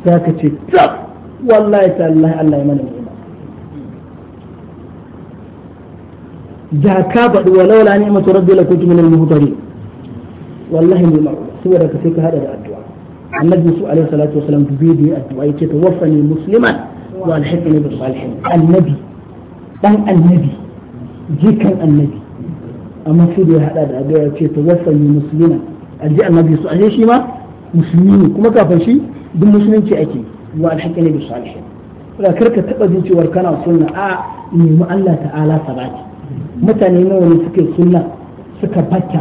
za ka ce Allah Allah ya mana da ka faɗi walau la ni'matu rabbi la kuntu min al-muhtari wallahi ni ma'u saboda ka sai ka hada da addu'a annabi su alaihi salatu wasalam dubi da addu'a yake tawaffani musliman wa alhiqni bi salihin annabi dan annabi jikan annabi amma sai da ya hada da addu'a yake tawaffani musliman alji annabi su alaihi shi ma musulmi kuma kafin shi duk musulunci ake wa alhiqni bi salihin kada karka taba jin cewa kana sunna a nemi Allah ta'ala sabati mutane nawa ne suke sunna suka bata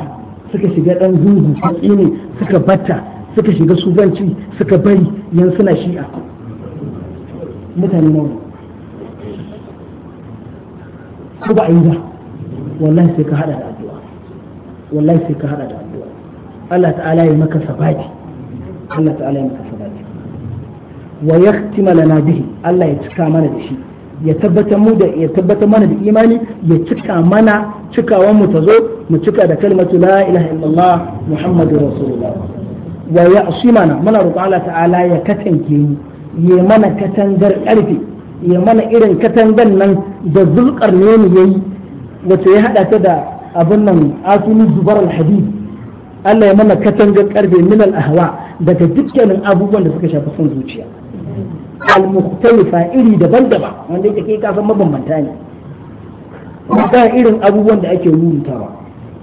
suka shiga dan gungu hatsi ne suka bata suka shiga suganci suka bari yan suna shi'a mutane nawa ko ba a yi ba wallahi sai ka hada da addu'a wallahi sai ka hada da addu'a Allah ta'ala ya maka sabati Allah ta'ala ya maka sabati wa yaktima lana bihi Allah ya cika mana da shi ya tabbatar mu da ya tabbatar mana da imani ya cika mana cikawan mu ta zo mu cika da kalmatu la ilaha illallah muhammadur rasulullah wa ya asimana mana roƙon Allah ta'ala ya katange mu ya mana katangar ƙarfi ya mana irin katangar nan da zulkar ne mu yayi wace ya hada ta da abin nan asulu zubar al Allah ya mana katangar ƙarfi min al-ahwa daga dukkanin abubuwan da suka shafi son zuciya al-mukhtalifa iri daban-daban wanda yake kai kasan mabambanta ne ba irin abubuwan da ake rubutawa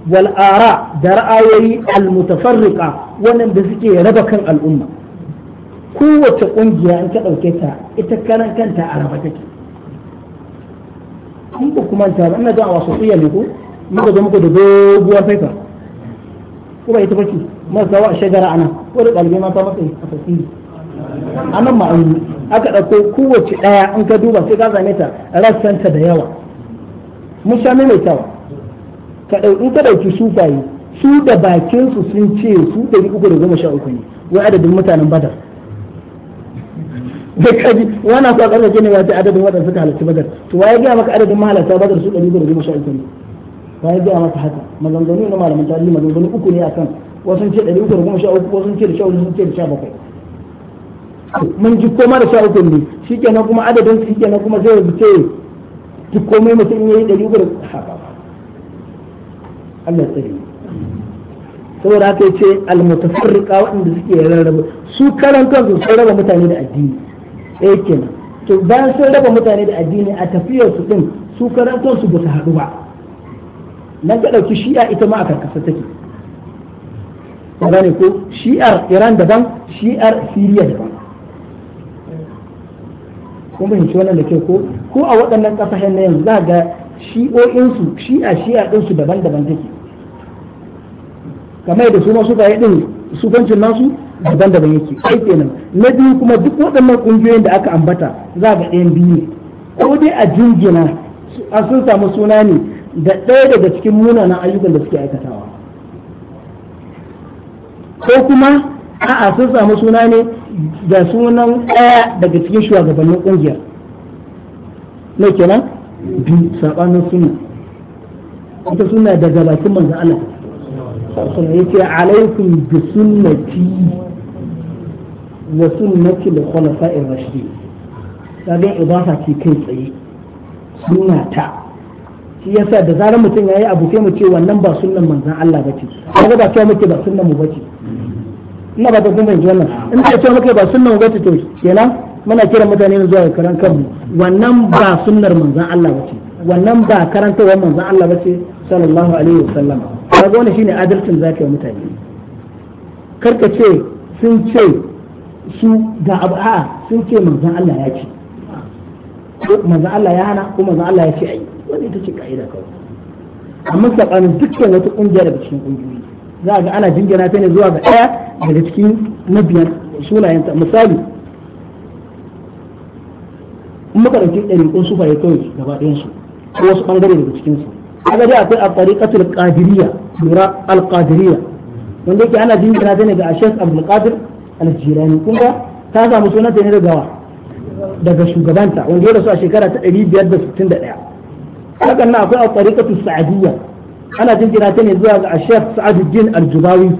wal ara da ra'ayoyi al-mutafarriqa waɗanda suke raba kan al'umma kowace kungiya an ta dauke ta ita karan kanta a raba take kun ba kuma ta ba ina da wasu tsiya ne ko muka zo muka da doguwar faifa ko ba ita bace ma zawa shagara ana ko da ɗalibai ma ta matsayi a tasiri a nan ma'auni aka ɗauko kowace ɗaya in ka duba sai ka zame ta rassanta da yawa mun sha maimaitawa ka ɗauki ka ɗauki sufaye su da bakinsu sun ce su ɗari uku da goma sha uku ne wai adadin mutanen badar da kaji wani akwai ƙarfafa ne ce adadin wadanda suka halarci badar to waye gaya maka adadin mahalarta badar su ɗari uku da goma sha uku ne waye gaya maka haka maganganu na malamin tarihi maganganu uku ne akan wasu ce ɗari uku da goma sha uku wasu ce da sha uku sun ce da sha bakwai mun ji koma da sha uku ne shikenan kuma adadin shikenan kuma zai ce ki komai mutum yayi ɗari uku da haka Allah tsari saboda haka yace al-mutafarriqa waɗanda suke rarraba su karan kansu sun raba mutane da addini eh kenan to bayan sun raba mutane da addini a tafiyar su din su karan kansu ba su haɗu ba nan ka ɗauki shi'a ita ma a karkasa take gane ko shi'ar iran daban shi'ar siriya daban kun fahimci wannan da ke ko ko a waɗannan ƙasashen na yanzu za ga shi'o'insu shi'a shi'a su daban-daban take kamar da su ma suka yi ɗin sufancin nasu daban-daban yake ai kenan na biyu kuma duk waɗannan ƙungiyoyin da aka ambata za ga ɗayan biyu ne ko dai a jingina a sun samu suna ne da ɗaya daga cikin munanan ayyukan da suke aikatawa ko kuma a'a sun samu suna ne ga sunan ɗaya daga cikin shugabannin ƙungiyar na kenan biyu sabanin suna ita suna daga bakin manzo Allah sallallahu alaihi yace alaikum bi sunnati wa sunnati al khulafa'i rashidin kaga ibada ce kai tsaye suna ta shi yasa da zarar mutum yayi abu sai mu ce wannan ba sunnan manzon Allah bace kaga ba cewa muke ba sunnan mu bace ina ba ta kun fahimci wannan in ce ba sunnan to kenan muna kiran mutane ne zuwa karan kanmu wannan ba sunnar manzon Allah bace wannan ba karantawar manzon Allah bace sallallahu alaihi wasallam kaga wannan shine adalcin zaka yi mutane karka ce sun ce su ga abu a sun ce manzon Allah ya ce ko manzon Allah ya hana ko manzon Allah ya ce ai wannan ita ce kaida kawai amma tsakanin dukkan wata kungiya daga cikin kungiyoyi za ga ana jingina ta ne zuwa ga ɗaya daga cikin mabiyan sunayenta misali in muka ɗauki ɗariƙun sufaye kawai gaba ɗayansu ko wasu ɓangare daga cikinsu kaga dai akwai al-tariqatul qadiriyya lura al wanda yake ana jingina ta ne ga Sheikh Abdul Qadir al-Jilani kun ga ta samu sunan ta ne daga daga shugabanta wanda ya rasu a shekara ta ɗari biyar da da sittin ɗaya. hakan nan akwai al-tariqatus sa'diyya ana jingina ta ne zuwa ga Sheikh Sa'aduddin Al-Jubawi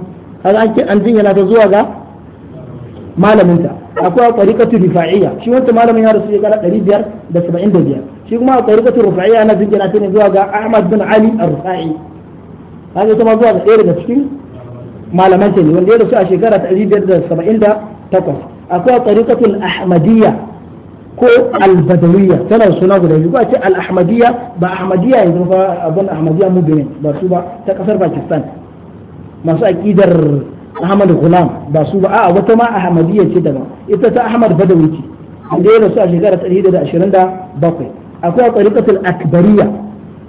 kaga an an jingina ta zuwa ga malamin ta akwai tariqatu rifa'iyya shi wanda malamin ya rasu ya shekara 575 shi kuma tariqatu rifa'iyya ana jingina ta ne zuwa ga Ahmad bin Ali Ar-Rifai kaga ita ma zuwa ga ɗaya daga cikin malaman ta ne wanda ya rasu a shekara 578 akwai tariqatul Ahmadiyya ko albadawiyya tana da suna guda biyu ba ce al-ahmadiyya ba ahmadiyya yanzu ba abin ahmadiyya mu benin ba su ba ta kasar pakistan masu aqidar ahmad gulam ba su ba a wata ma ahmadiyya ce daban ita ta ahmad badawi ce da ya rasu a shekarar bakwai akwai tariqatul akbariyya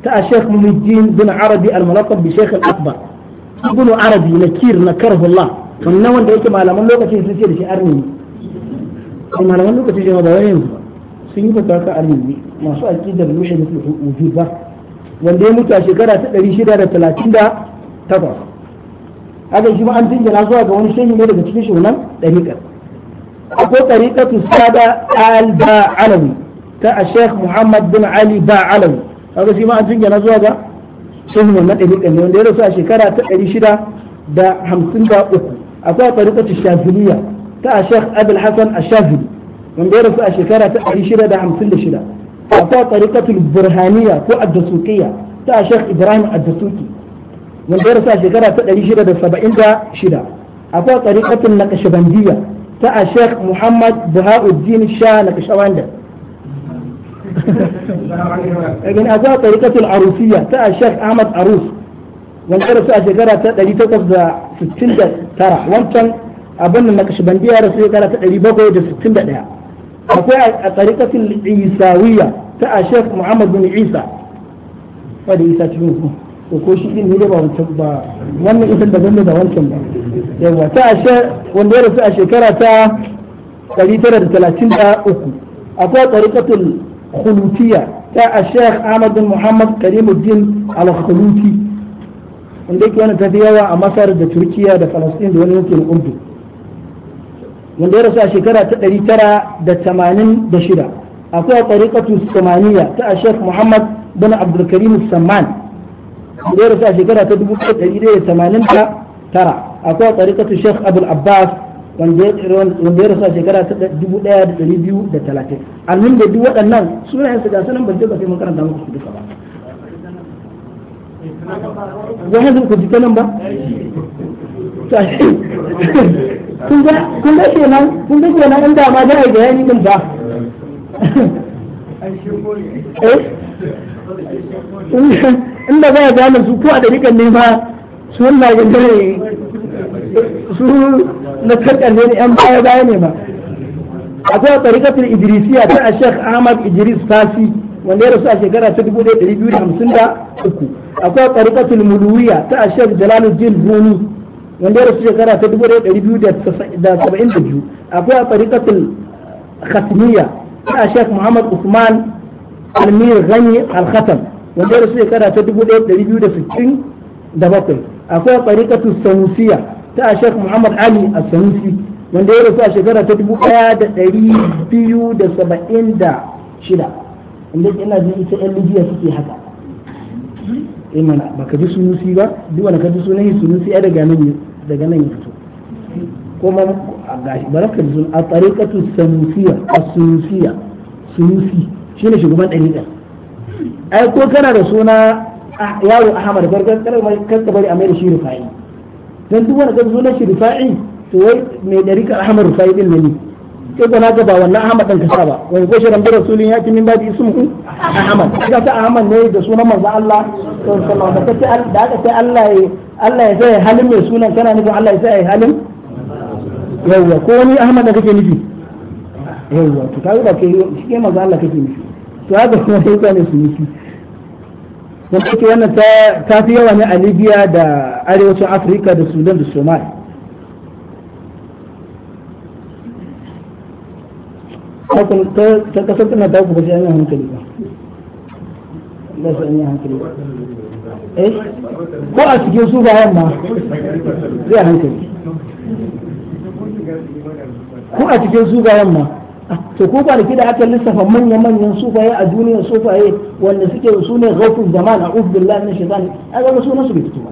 ta a Sheikh Muhyiddin bin Arabi al-Mulaqab bi Sheikh al-Akbar ibn Arabi na kir nakir nakarhullah wannan wanda yake malaman lokacin sun ce da shi arni to malaman lokaci jama'a ba wai yanzu sun yi fataka arziki masu aqidar ruhi da wujud ba wanda ya mutu a shekara ta ɗari shida da talatin 638 haka shi ma an jingina zuwa ga wani shehi ne daga cikin shunan dariƙar akwai dariƙatu sada al-ba'alawi ba ta a sheikh muhammad bin ali ba ba'alawi haka shi ma an jingina zuwa ga shehin wannan ɗari ne wanda ya rasu a shekara ta ɗari shida da da 653 akwai dariƙatu shaziliya تاع الشيخ ابي الحسن الشاذلي من بيرس الشكارة تاع الشيرة دا حمسل الشيرة تاع طريقة البرهانية تاع الدسوقية تاع الشيخ ابراهيم الدسوقي من بيرس الشكارة تاع الشيرة دا سبعين دا تاع طريقة النقشبندية تاع الشيخ محمد بهاء الدين الشاه نقشبندة من أتى طريقة العروسية تاع الشيخ أحمد عروس من درس أشجارة تأتي تاع ستين ترى وانتن abin ta 761 akwai a tsarikatin isawiya ta a shek muhammad bin isa ba da isa cikin ku to ko shi ba wancan ba wannan da zan da wancan ba yawa ta a wanda ya rasu a shekara ta 933 akwai tsarikatin khulutiya ta a shek ahmad bin muhammad karimuddin al-khuluti wanda yake wani tafi yawa a masar da turkiya da falasɗin da wani yankin urdu wanda ya rasu a shekara ta ɗari tara da tamanin da shida akwai a tsariƙatu samaniya ta a shek muhammad bin abdulkarim samman wanda ya rasu a shekara ta dubu ɗari da tamanin da tara akwai a tsariƙatu shek abul abbas wanda ya rasu a shekara ta dubu ɗaya da ɗari biyu da talatin almin da duk waɗannan sunayen su ga nan ban ba sai mun karanta muku su duka ba. Wani ku ji nan ba? kun ga kenan kun ga kenan in da ma da ai bayani din ba eh? in da zai gane su ko a dariƙar ne ba su wanda ga dare su na kakkan ne yan baya baya ne ba akwai ɗariƙatul idrisiya ta ashek ahmad idris fasi wanda ya rasu a shekara ta dubu ɗaya ɗari biyu da hamsin da uku akwai ɗariƙatul muluwiya ta ashek jalaluddin rumi wanda ya rasu shekara ta dubu ɗari biyu da saba'in da biyu akwai a tsarikatul khatmiya a shek muhammad usman almir gani alkhatam wanda ya rasu shekara ta dubu ɗari biyu da sittin da bakwai akwai a tsarikatul sanusiya ta a shek muhammad ali a sanusi wanda ya rasu a shekara ta dubu ɗaya da ɗari biyu da saba'in da shida inda ina jin ita yan libya suke haka imana eh, ba ji sunusi ba duk wanda ka ji sunan sunusi ya daga nan daga nan ya fito kuma gashi ba ka ji sun a tariqatu sanusiya as-sunusiya sunusi shine shugaban dariqa ai ko kana da suna yaro Ahmad gargar kana mai kanka bari a mai da shi rufa'i dan duk wanda ka ji sunan shi rufa'i to wai mai dariqa Ahmad rufa'i din ne sai ko naka ba wannan Ahmad din ka sa ba wai ko shirin bi rasulin ya min ba babi ismuhu Ahmad kaga ta Ahmad ne da sunan manzo Allah sallallahu alaihi wasallam da aka da Allah ya Allah ya sai halin mai sunan kana nufin Allah ya sai halin yawwa ko wani Ahmad da kake nufi yawwa to kaga ba kai shi manzo Allah kake nufi to haka kuma sai ka ne su nufi wanda ke wannan ta fi yawa ne a Libya da arewacin Afirka da Sudan da Somalia hakan ta kasar tana ta ku ba sai an yi hankali ba ba sai an yi hankali ba eh ko a cikin su bayan ma zai hankali ko a cikin su bayan ma ah, to ko ba da kida aka lissafa manyan manyan sufaye a duniya sufaye wanda suke su ne ghafur zaman a ubbillah na shaitan aka ga sunan su bai fito ba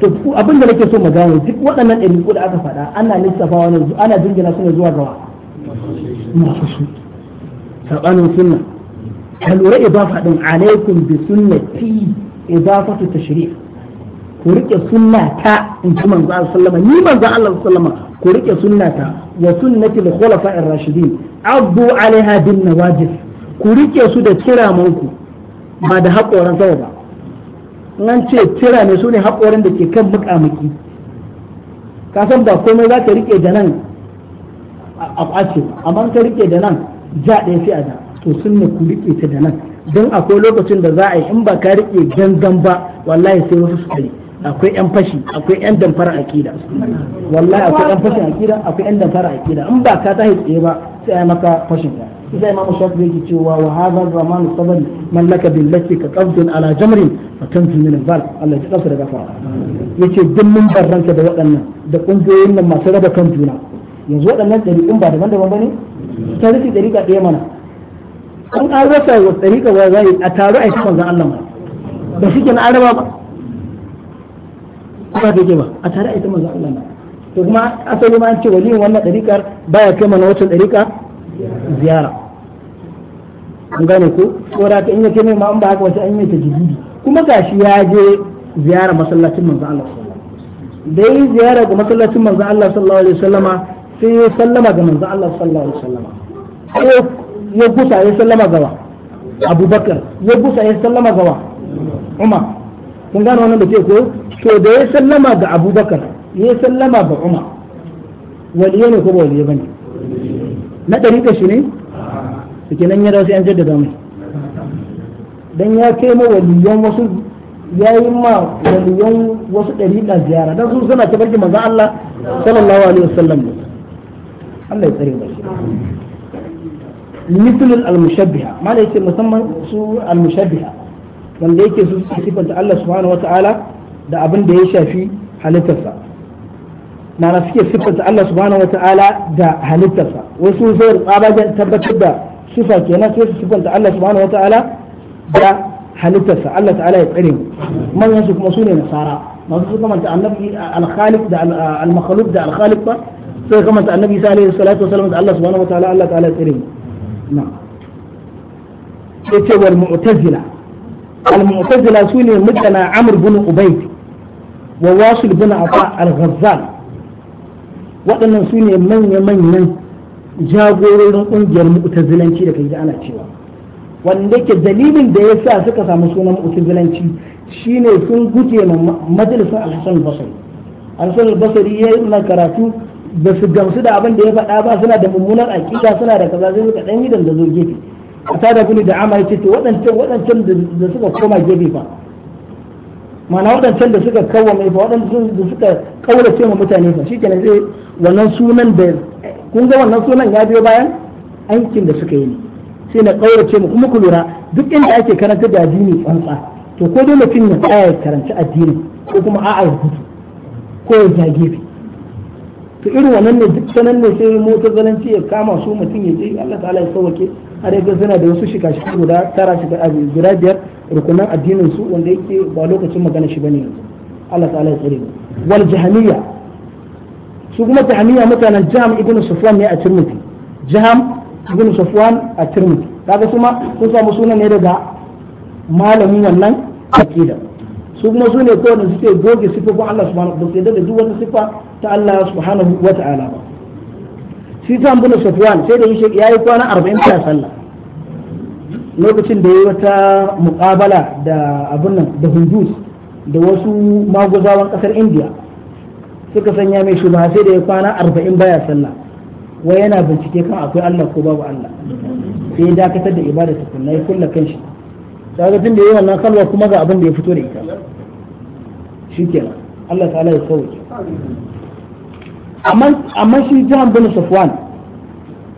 to abin da nake so mu gane duk waɗannan ɗariƙu da aka faɗa ana lissafawa ana jingina su ne zuwa gawa masu su sabanin sunna ka lura idafa ɗin alaikum bi sunnati ta tashrif ku rike sunna ta in ji manzo Allah sallama ni manzo Allah sallama ku rike sunna ta wa sunnati al-khulafa'ir rashidin abdu alaiha bin nawajis ku rike su da kiramanku ba da haƙoran kai ba nan ce tira ne su ne haƙorin da ke kan muƙamuƙi ka san ba komai za ka rike da nan a ƙwace amma ka rike da nan ja ɗaya sai a da to sun ne ku rike ta da nan don akwai lokacin da za a yi in ba ka rike gangan ba wallahi sai wasu su akwai yan fashi akwai yan damfara akida wallahi akwai yan fashin akida akwai yan damfara akida in ba ka tahi tsaye ba sai a maka fashin ka إذا إمام الشافعي يجي وهذا الرمان الصبري من لك بالتي كقبض على جمر فتنفي من البال الله يجزاك da gafa yace duk mun barranka da waɗannan da ƙungiyoyin nan masu raba kan juna yanzu waɗannan ɗariƙun ba daban-daban bane ta rufe ɗariƙa ɗaya mana an an rasa wa ɗariƙa wa zai a taro a cikin manzon Allah ba shi ke na araba ba ba da ke ba a tare a cikin manzon Allah to kuma asali an ce waliyin wannan ɗariƙar baya kai mana wacce ɗariƙa ziyara an gane ko saboda ka in yake ce mai ma'an ba haka wasu an yi ta jididi kuma gashi ya je ziyara masallacin manzo Allah da dai ziyara ga masallacin manzo Allah sallallahu alaihi wasallam sai ya sallama ga manzo Allah sallallahu alaihi wasallama ya gusa ya sallama Abu abubakar ya gusa ya sallama ga umar kun gane wannan da ke ko to da ya sallama ga abubakar ya sallama ga umar waliye ne ko ba waliye bane na ɗariƙa shi ne su nan ya wasu yan jaddada mai don ya kai ma waliyan wasu ya yi ma waliyan wasu ɗariƙa ziyara don su suna tabarki maza Allah sallallahu alaihi wasallam Allah ya tsare shi مثل المشبهة ما yake musamman su mushabbiha wanda yake su sifanta Allah subhanahu wataala da abin da ya shafi halittarsa na na suke siffanta Allah subhanahu wata'ala da halittarsa wasu sai tsabagen tabbatar da sifa kenan sai su siffanta Allah subhanahu wata'ala da halittarsa Allah ta'ala ya tsare mu manyan su kuma su ne nasara masu su kamanta annabi al-khaliq da al-makhluq da al-khaliq ba sai kamanta annabi sallallahu alaihi salatu wasallam da Allah subhanahu wata'ala Allah ta'ala ya tsare mu na'am sai ce wal mu'tazila al mu'tazila su ne mutana Amr bin Ubayd wa Wasil bin ata al-Ghazzal waɗannan su ne manya-manyan jagororin ƙungiyar mu'tazilanci da kai ana cewa wanda ke dalilin da ya sa suka samu sunan mu'tazilanci shine sun guje ma majalisar alhassan basari alhassan basari ya yi karatu ba su gamsu da abin da ya faɗa ba suna da mummunar aƙida suna da kaza sai suka ɗan yi da zo gefe a tada gulu da amma ya ce to waɗancan da suka koma gefe fa mana waɗancan da suka kawo mai fa waɗancan da suka kaurace ma mutane fa kenan sai wannan sunan da kun ga wannan sunan ya biyo bayan aikin da suka yi ne sai na kaurace mu kuma ku lura duk inda ake karanta da addini tsantsa to ko dole mutum ya tsaya ya karanci addini ko kuma a'a ya gudu ko ya zage to irin wannan ne duk sanan ne sai mota zalanci ya kama su mutum ya je Allah ta'ala ya sauke har yanzu suna da wasu shika-shika guda tara shida guda biyar rukunan addinin su wanda yake ba lokacin magana shi bane yanzu Allah ta'ala ya tsare mu wal jahamiyya su kuma jahamiyya mutanen jam ibn sufwan ne a tirmidhi jam ibn sufwan a tirmidhi kaga kuma sun samu sunan ne daga malamin wannan aqida su kuma su ne kawai da suke goge sifofin Allah subhanahu wa ta'ala da duk wata sifa ta Allah subhanahu wa ta'ala ba shi jam ibn sufwan sai da ya yi kwana 40 ta sallah lokacin da ya wata mukabala da abin nan da hundus da wasu maguzawan kasar indiya suka sanya mai shubha sai da ya kwana arba'in baya sallah wai yana bincike kan akwai allah ko babu allah sai ya dakatar da ibada tukunna ya kulla kanshi tun da ya yi wannan kalwa kuma ga abin da ya fito da ita shikenan allah ta'ala ya sauke amma shi jihar bin safwan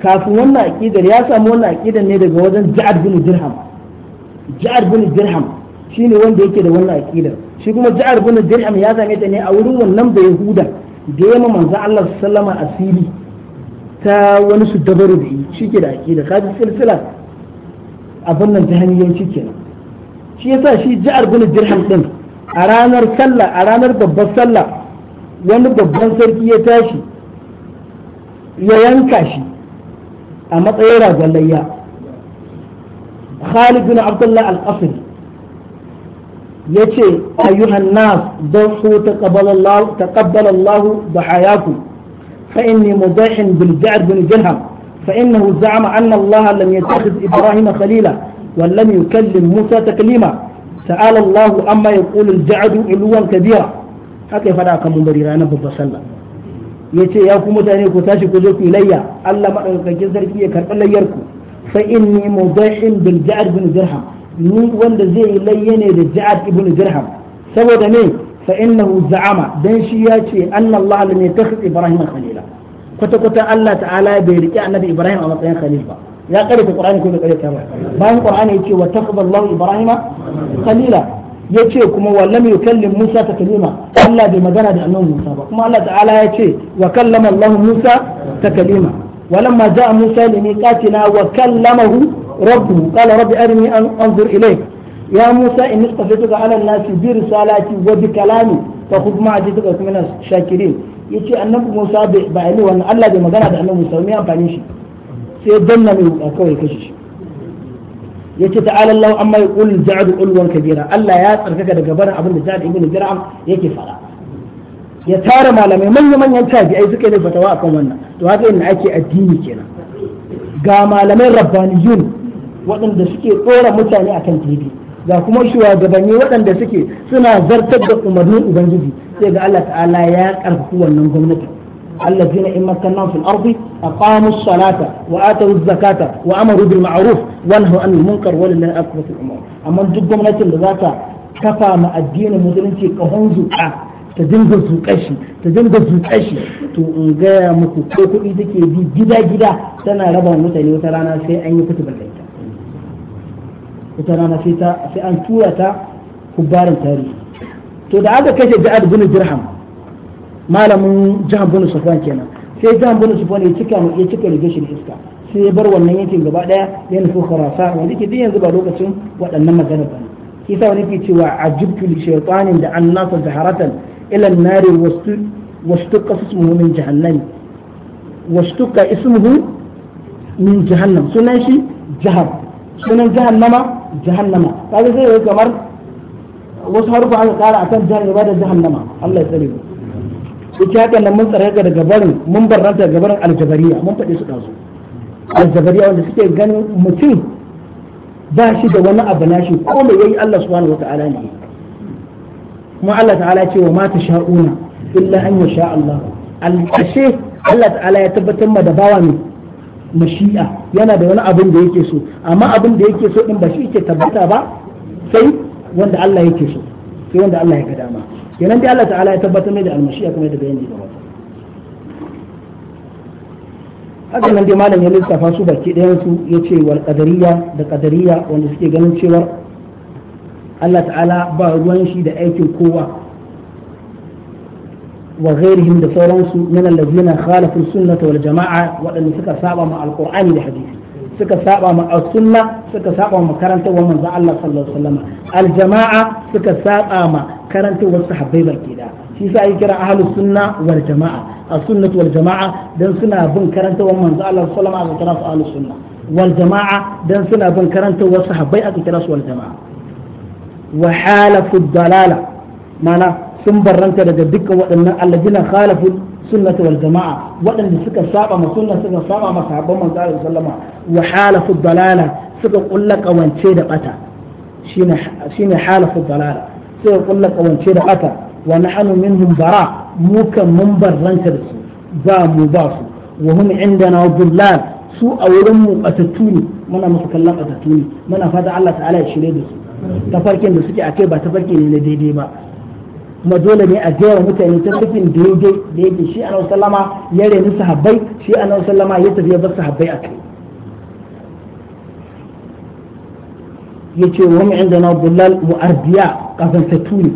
kafin wannan aƙidar ya samu wannan aƙidar ne daga wajen Ja'ad bin Dirham Ja'ad bin Dirham shine wanda yake da wannan aƙidar shi kuma Ja'ad bin Dirham ya same ta ne a wurin wannan da Yahuda da yamma manzo Allah sallama asiri ta wani su dabaru da yi shike da aƙidar kaji silsila abin nan ta hanyoyin kenan shi yasa shi Ja'ad bin Dirham din a ranar sallah a ranar babbar sallah wani babban sarki ya tashi ya yanka shi a matsayin ragon layya Khalid bin Abdullah al-Qasri yace ayyuhan nas dafu taqabbalallahu taqabbalallahu dhahayakum fa inni mudahin bil ja'd bin jalham fa innahu za'ama anna Allah lam yattakhidh Ibrahim khalila wa yukallim Musa taklima ta'ala Allah amma ya al-ja'd 'uluwan kabira haka ya faɗa kan mun bari ranar babbar sallah ya ce ya ku mutane ku tashi ku je ku layya Allah maɗaukakin sarki ya karɓi layyar ku fa inni mudahin bil ja'ad bin dirham ni wanda zai yi layya ne da ja'ad ibn dirham saboda ne fa innahu za'ama dan shi ya ce anna Allah lam yattakhidh Ibrahim khalila kwata kwata Allah ta'ala bai riƙe annabi Ibrahim a matsayin khalil ba ya karanta Qur'ani ko bai karanta ba bayan Qur'ani ya ce wa takhadha Allah Ibrahim khalila ya ce kuma wallam yukallim Musa ta kalima Allah bai magana da annabi Musa ba kuma Allah ta'ala ya ce wa kallama Allah Musa ta kalima walamma ja'a Musa limiqatina wa kallamahu rabbuhu qala rabbi arini anzur ilayk ya Musa inni istafituka ala an-nasi bi risalati wa bi kalami fa khudh ma ajituka min ash-shakirin yace annabi Musa ba yi wannan Allah bai magana da annabi Musa me amfani shi sai danna mai kawai kashe shi yace ta'ala Allah amma yaqul ja'd ulwan kabira Allah ya tsarkaka daga barin abin da ja'd ibn yake fara ya tara malamai manyan manyan tabi'ai suka yi fatawa akan wannan to haka yana ake addini kenan ga malamai rabbaniyun waɗanda suke tsora mutane akan tv ga kuma shugabanni waɗanda suke suna zartar da umarnin ubangiji sai ga Allah ta'ala ya karfafi wannan gwamnati الذين إن مكناهم في الأرض أقاموا الصلاة وآتوا الزكاة وأمروا بالمعروف ونهوا عن المنكر ولله أكبر في الأمور أما gwamnatin da za ta kafa ma addinin musulunci kahon zuƙa ta muku ko kuɗi take bi gida gida tana an tura ta tarihi to da aka kashe malamin jihar Borno Sufan kenan sai jihar Borno Sufan ya cika ya cika rigar gashin iska sai ya bar wannan yankin gaba daya ya nufi Khurasan wanda ke yanzu ba lokacin waɗannan maganar ba kisa wani ke cewa ajibtu li shaytanin da annasa jaharatan ila an-nari washtuqa ismuhu min jahannam washtuqa ismuhu min jahannam sunan shi jahar sunan jahannama jahannama kaga sai kamar wasu harufa aka kara akan jahannama da jahannama Allah ya tsare mu kuke haka nan mun tsaraka daga barin mun barranta daga barin aljabariya mun faɗi su ɗazu aljabariya wanda suke ganin mutum ba shi da wani abu na shi ko mai yayi Allah subhanahu wa ta'ala ne kuma Allah ta'ala ce wa ma sha'una illa an sha Allah al-ashe Allah ta'ala ya tabbatar ma da bawa ne mashi'a yana da wani abin da yake so amma abin da yake so din ba shi yake tabbata ba sai wanda Allah yake so sai wanda Allah ya ga dama kenan dai Allah ta'ala ya tabbatar mai da almashiya kamar da bayani da wata haka nan dai malam ya lissafa su baki ɗayan su ya ce wal qadariya da qadariya wanda suke ganin cewa Allah ta'ala ba ruwan shi da aikin kowa wa ghairihim da sauransu min allazina khalafu sunnata wal jama'a waɗanda suka saba ma alqur'ani da hadisi suka saba ma as-sunna suka saba ma karantarwar manzo Allah sallallahu alaihi wasallam al suka saba ma karantarwar sahabbai baki da shi yasa ake kira ahlus sunna wal jama'a as-sunnatu wal jama'a dan suna bin karantarwar manzo Allah sallallahu alaihi wasallam aka kira ahlus sunna wal jama'a dan suna bin karantarwar sahabbai aka kira su wal jama'a wa halafu dalala mana sun barranta daga dukkan waɗannan alladina khalafu sunnati wal jama'a waɗanda suka saba ma sunna suka saba ma sahabban manzo Allah sallama wa halafu dalala suka kulla kawance da bata shine shine halafu dalala suka kulla kawance da bata wa nahnu minhum bara mu kan mun barranta da su ba mu ba su wa hum indana dhullal su a wurin mu batattu ne muna musu kallon batattu ne muna fata Allah ta'ala ya shirye da su tafarkin da suke akai ba tafarki ne na daidai ba kuma dole ne a gaya mutane ta cikin daidai da yake shi annabi sallama ya reni sahabbai shi annabi sallama ya tafi ya bar sahabbai a kai yace wa mu indana dallal mu'ardiya ta ne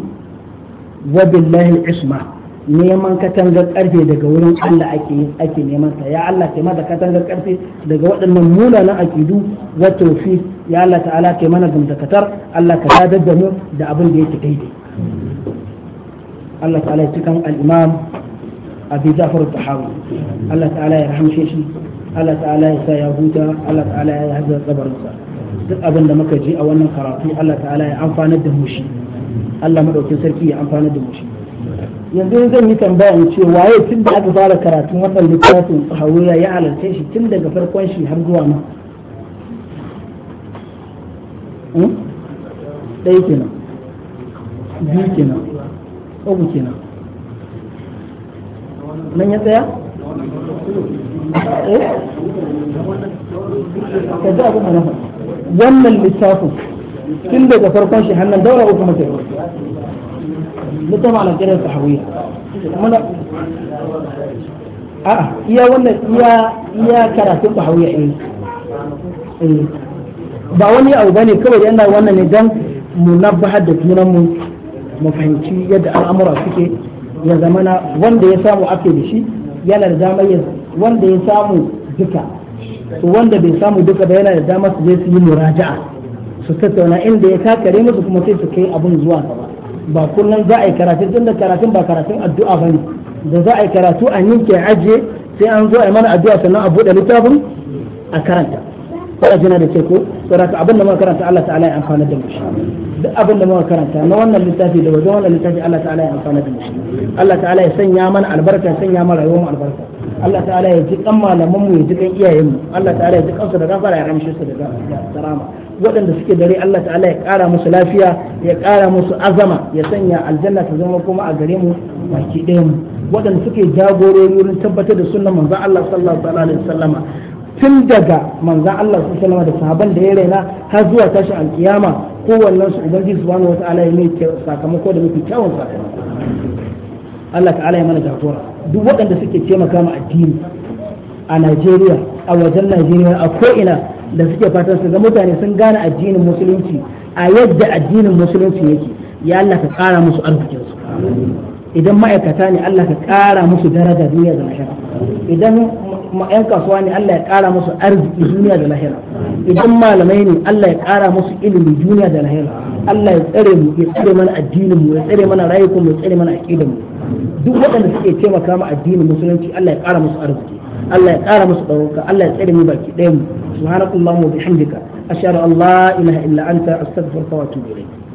wa billahi isma neman katangar karfe daga wurin Allah ake ake neman sa ya Allah kai mana katangar karfe daga waɗannan munanan akidu wa tawfiq ya Allah ta'ala kai mana gamdakatar Allah ka sadar da mu da abin da yake daidai Allah ta'ala ya cikan al-imam abi jafar tahawi Allah ta'ala ya rahamshe shi Allah ta'ala ya sa ya huta Allah ta'ala ya hazar tsabarinsa. duk abin da muka ji a wannan karatu Allah ta'ala ya amfanar da mushi. Allah madaukin sarki ya amfanar da mushi. yanzu zan yi tambaya in ce waye tun da aka fara karatun wannan littafin tsahawiya ya halarce shi tun daga farkon shi har zuwa ma? Hmm? ɗaya kenan biyu kenan uku kenan nan ya tsaya eh? ka ji wannan littafin tun daga farkon shi hannun daura uku mace mutum ala kiran sahawiyya a'a iya wannan iya iya karatun sahawiyya ne eh. ba wani abu bane kawai yana wannan ne dan mu nabbahar da junan mu mu fahimci yadda al'amura suke ya zamana wanda ya samu ake da shi yana da damar wanda ya samu duka to wanda bai samu duka ba yana da damar su je su yi muraja'a su tattauna inda ya kakare musu kuma sai su kai abun zuwa gaba ba kullum za a yi karatun tunda karatun ba karatun addu'a ba ne da za a yi karatu a yanke ajiye sai an zo a yi mana addu'a sannan a buɗe littafin a karanta kada jina da ce ko saboda abin da muka karanta Allah ta'ala ya amfana da mu duk abin da muka karanta na wannan littafi da wajen wannan littafi Allah ta'ala ya amfana da mu Allah ta'ala ya sanya mana albarka ya sanya mana rayuwar mu albarka Allah ta'ala ya ji kan malaman mu ya ji kan iyayen mu Allah ta'ala ya ji kansu da gafara ya ramshe su da karama waɗanda suke dare Allah ta'ala ya ƙara musu lafiya ya ƙara musu azama ya sanya aljanna ta zama kuma a gare mu baki ɗaya mu waɗanda suke jagorori wurin tabbatar da sunnan manzon Allah sallallahu alaihi wasallama tun daga manzan Allah su salama da sahaban da ya raina har zuwa tashi alkiyama kowannen su ubangiji subhanahu wata'ala ya mai sakamako da mafi kyawun sakamako Allah ta'ala ya mana jagora duk waɗanda suke taimaka wa addini a Najeriya a wajen Najeriya a ko'ina da suke fatan su ga mutane sun gane addinin musulunci a yadda addinin musulunci yake ya Allah ka kara musu arzikinsu idan ma'aikata ne Allah ka ƙara musu daraja duniya da lahira idan yan kasuwa ne Allah ya ƙara musu arziki duniya da lahira idan malamai ne Allah ya ƙara musu ilimi duniya da lahira Allah ya tsare mu ya tsare mana addinin mu ya tsare mana rayukan mu ya tsare mana aqidar mu duk waɗanda suke taimaka ma addinin musulunci Allah ya ƙara musu arziki Allah ya ƙara musu ɗaukaka Allah ya tsare mu baki ɗaya mu subhanakallahumma wa bihamdika ashhadu an la ilaha illa anta astaghfiruka wa atubu ilayk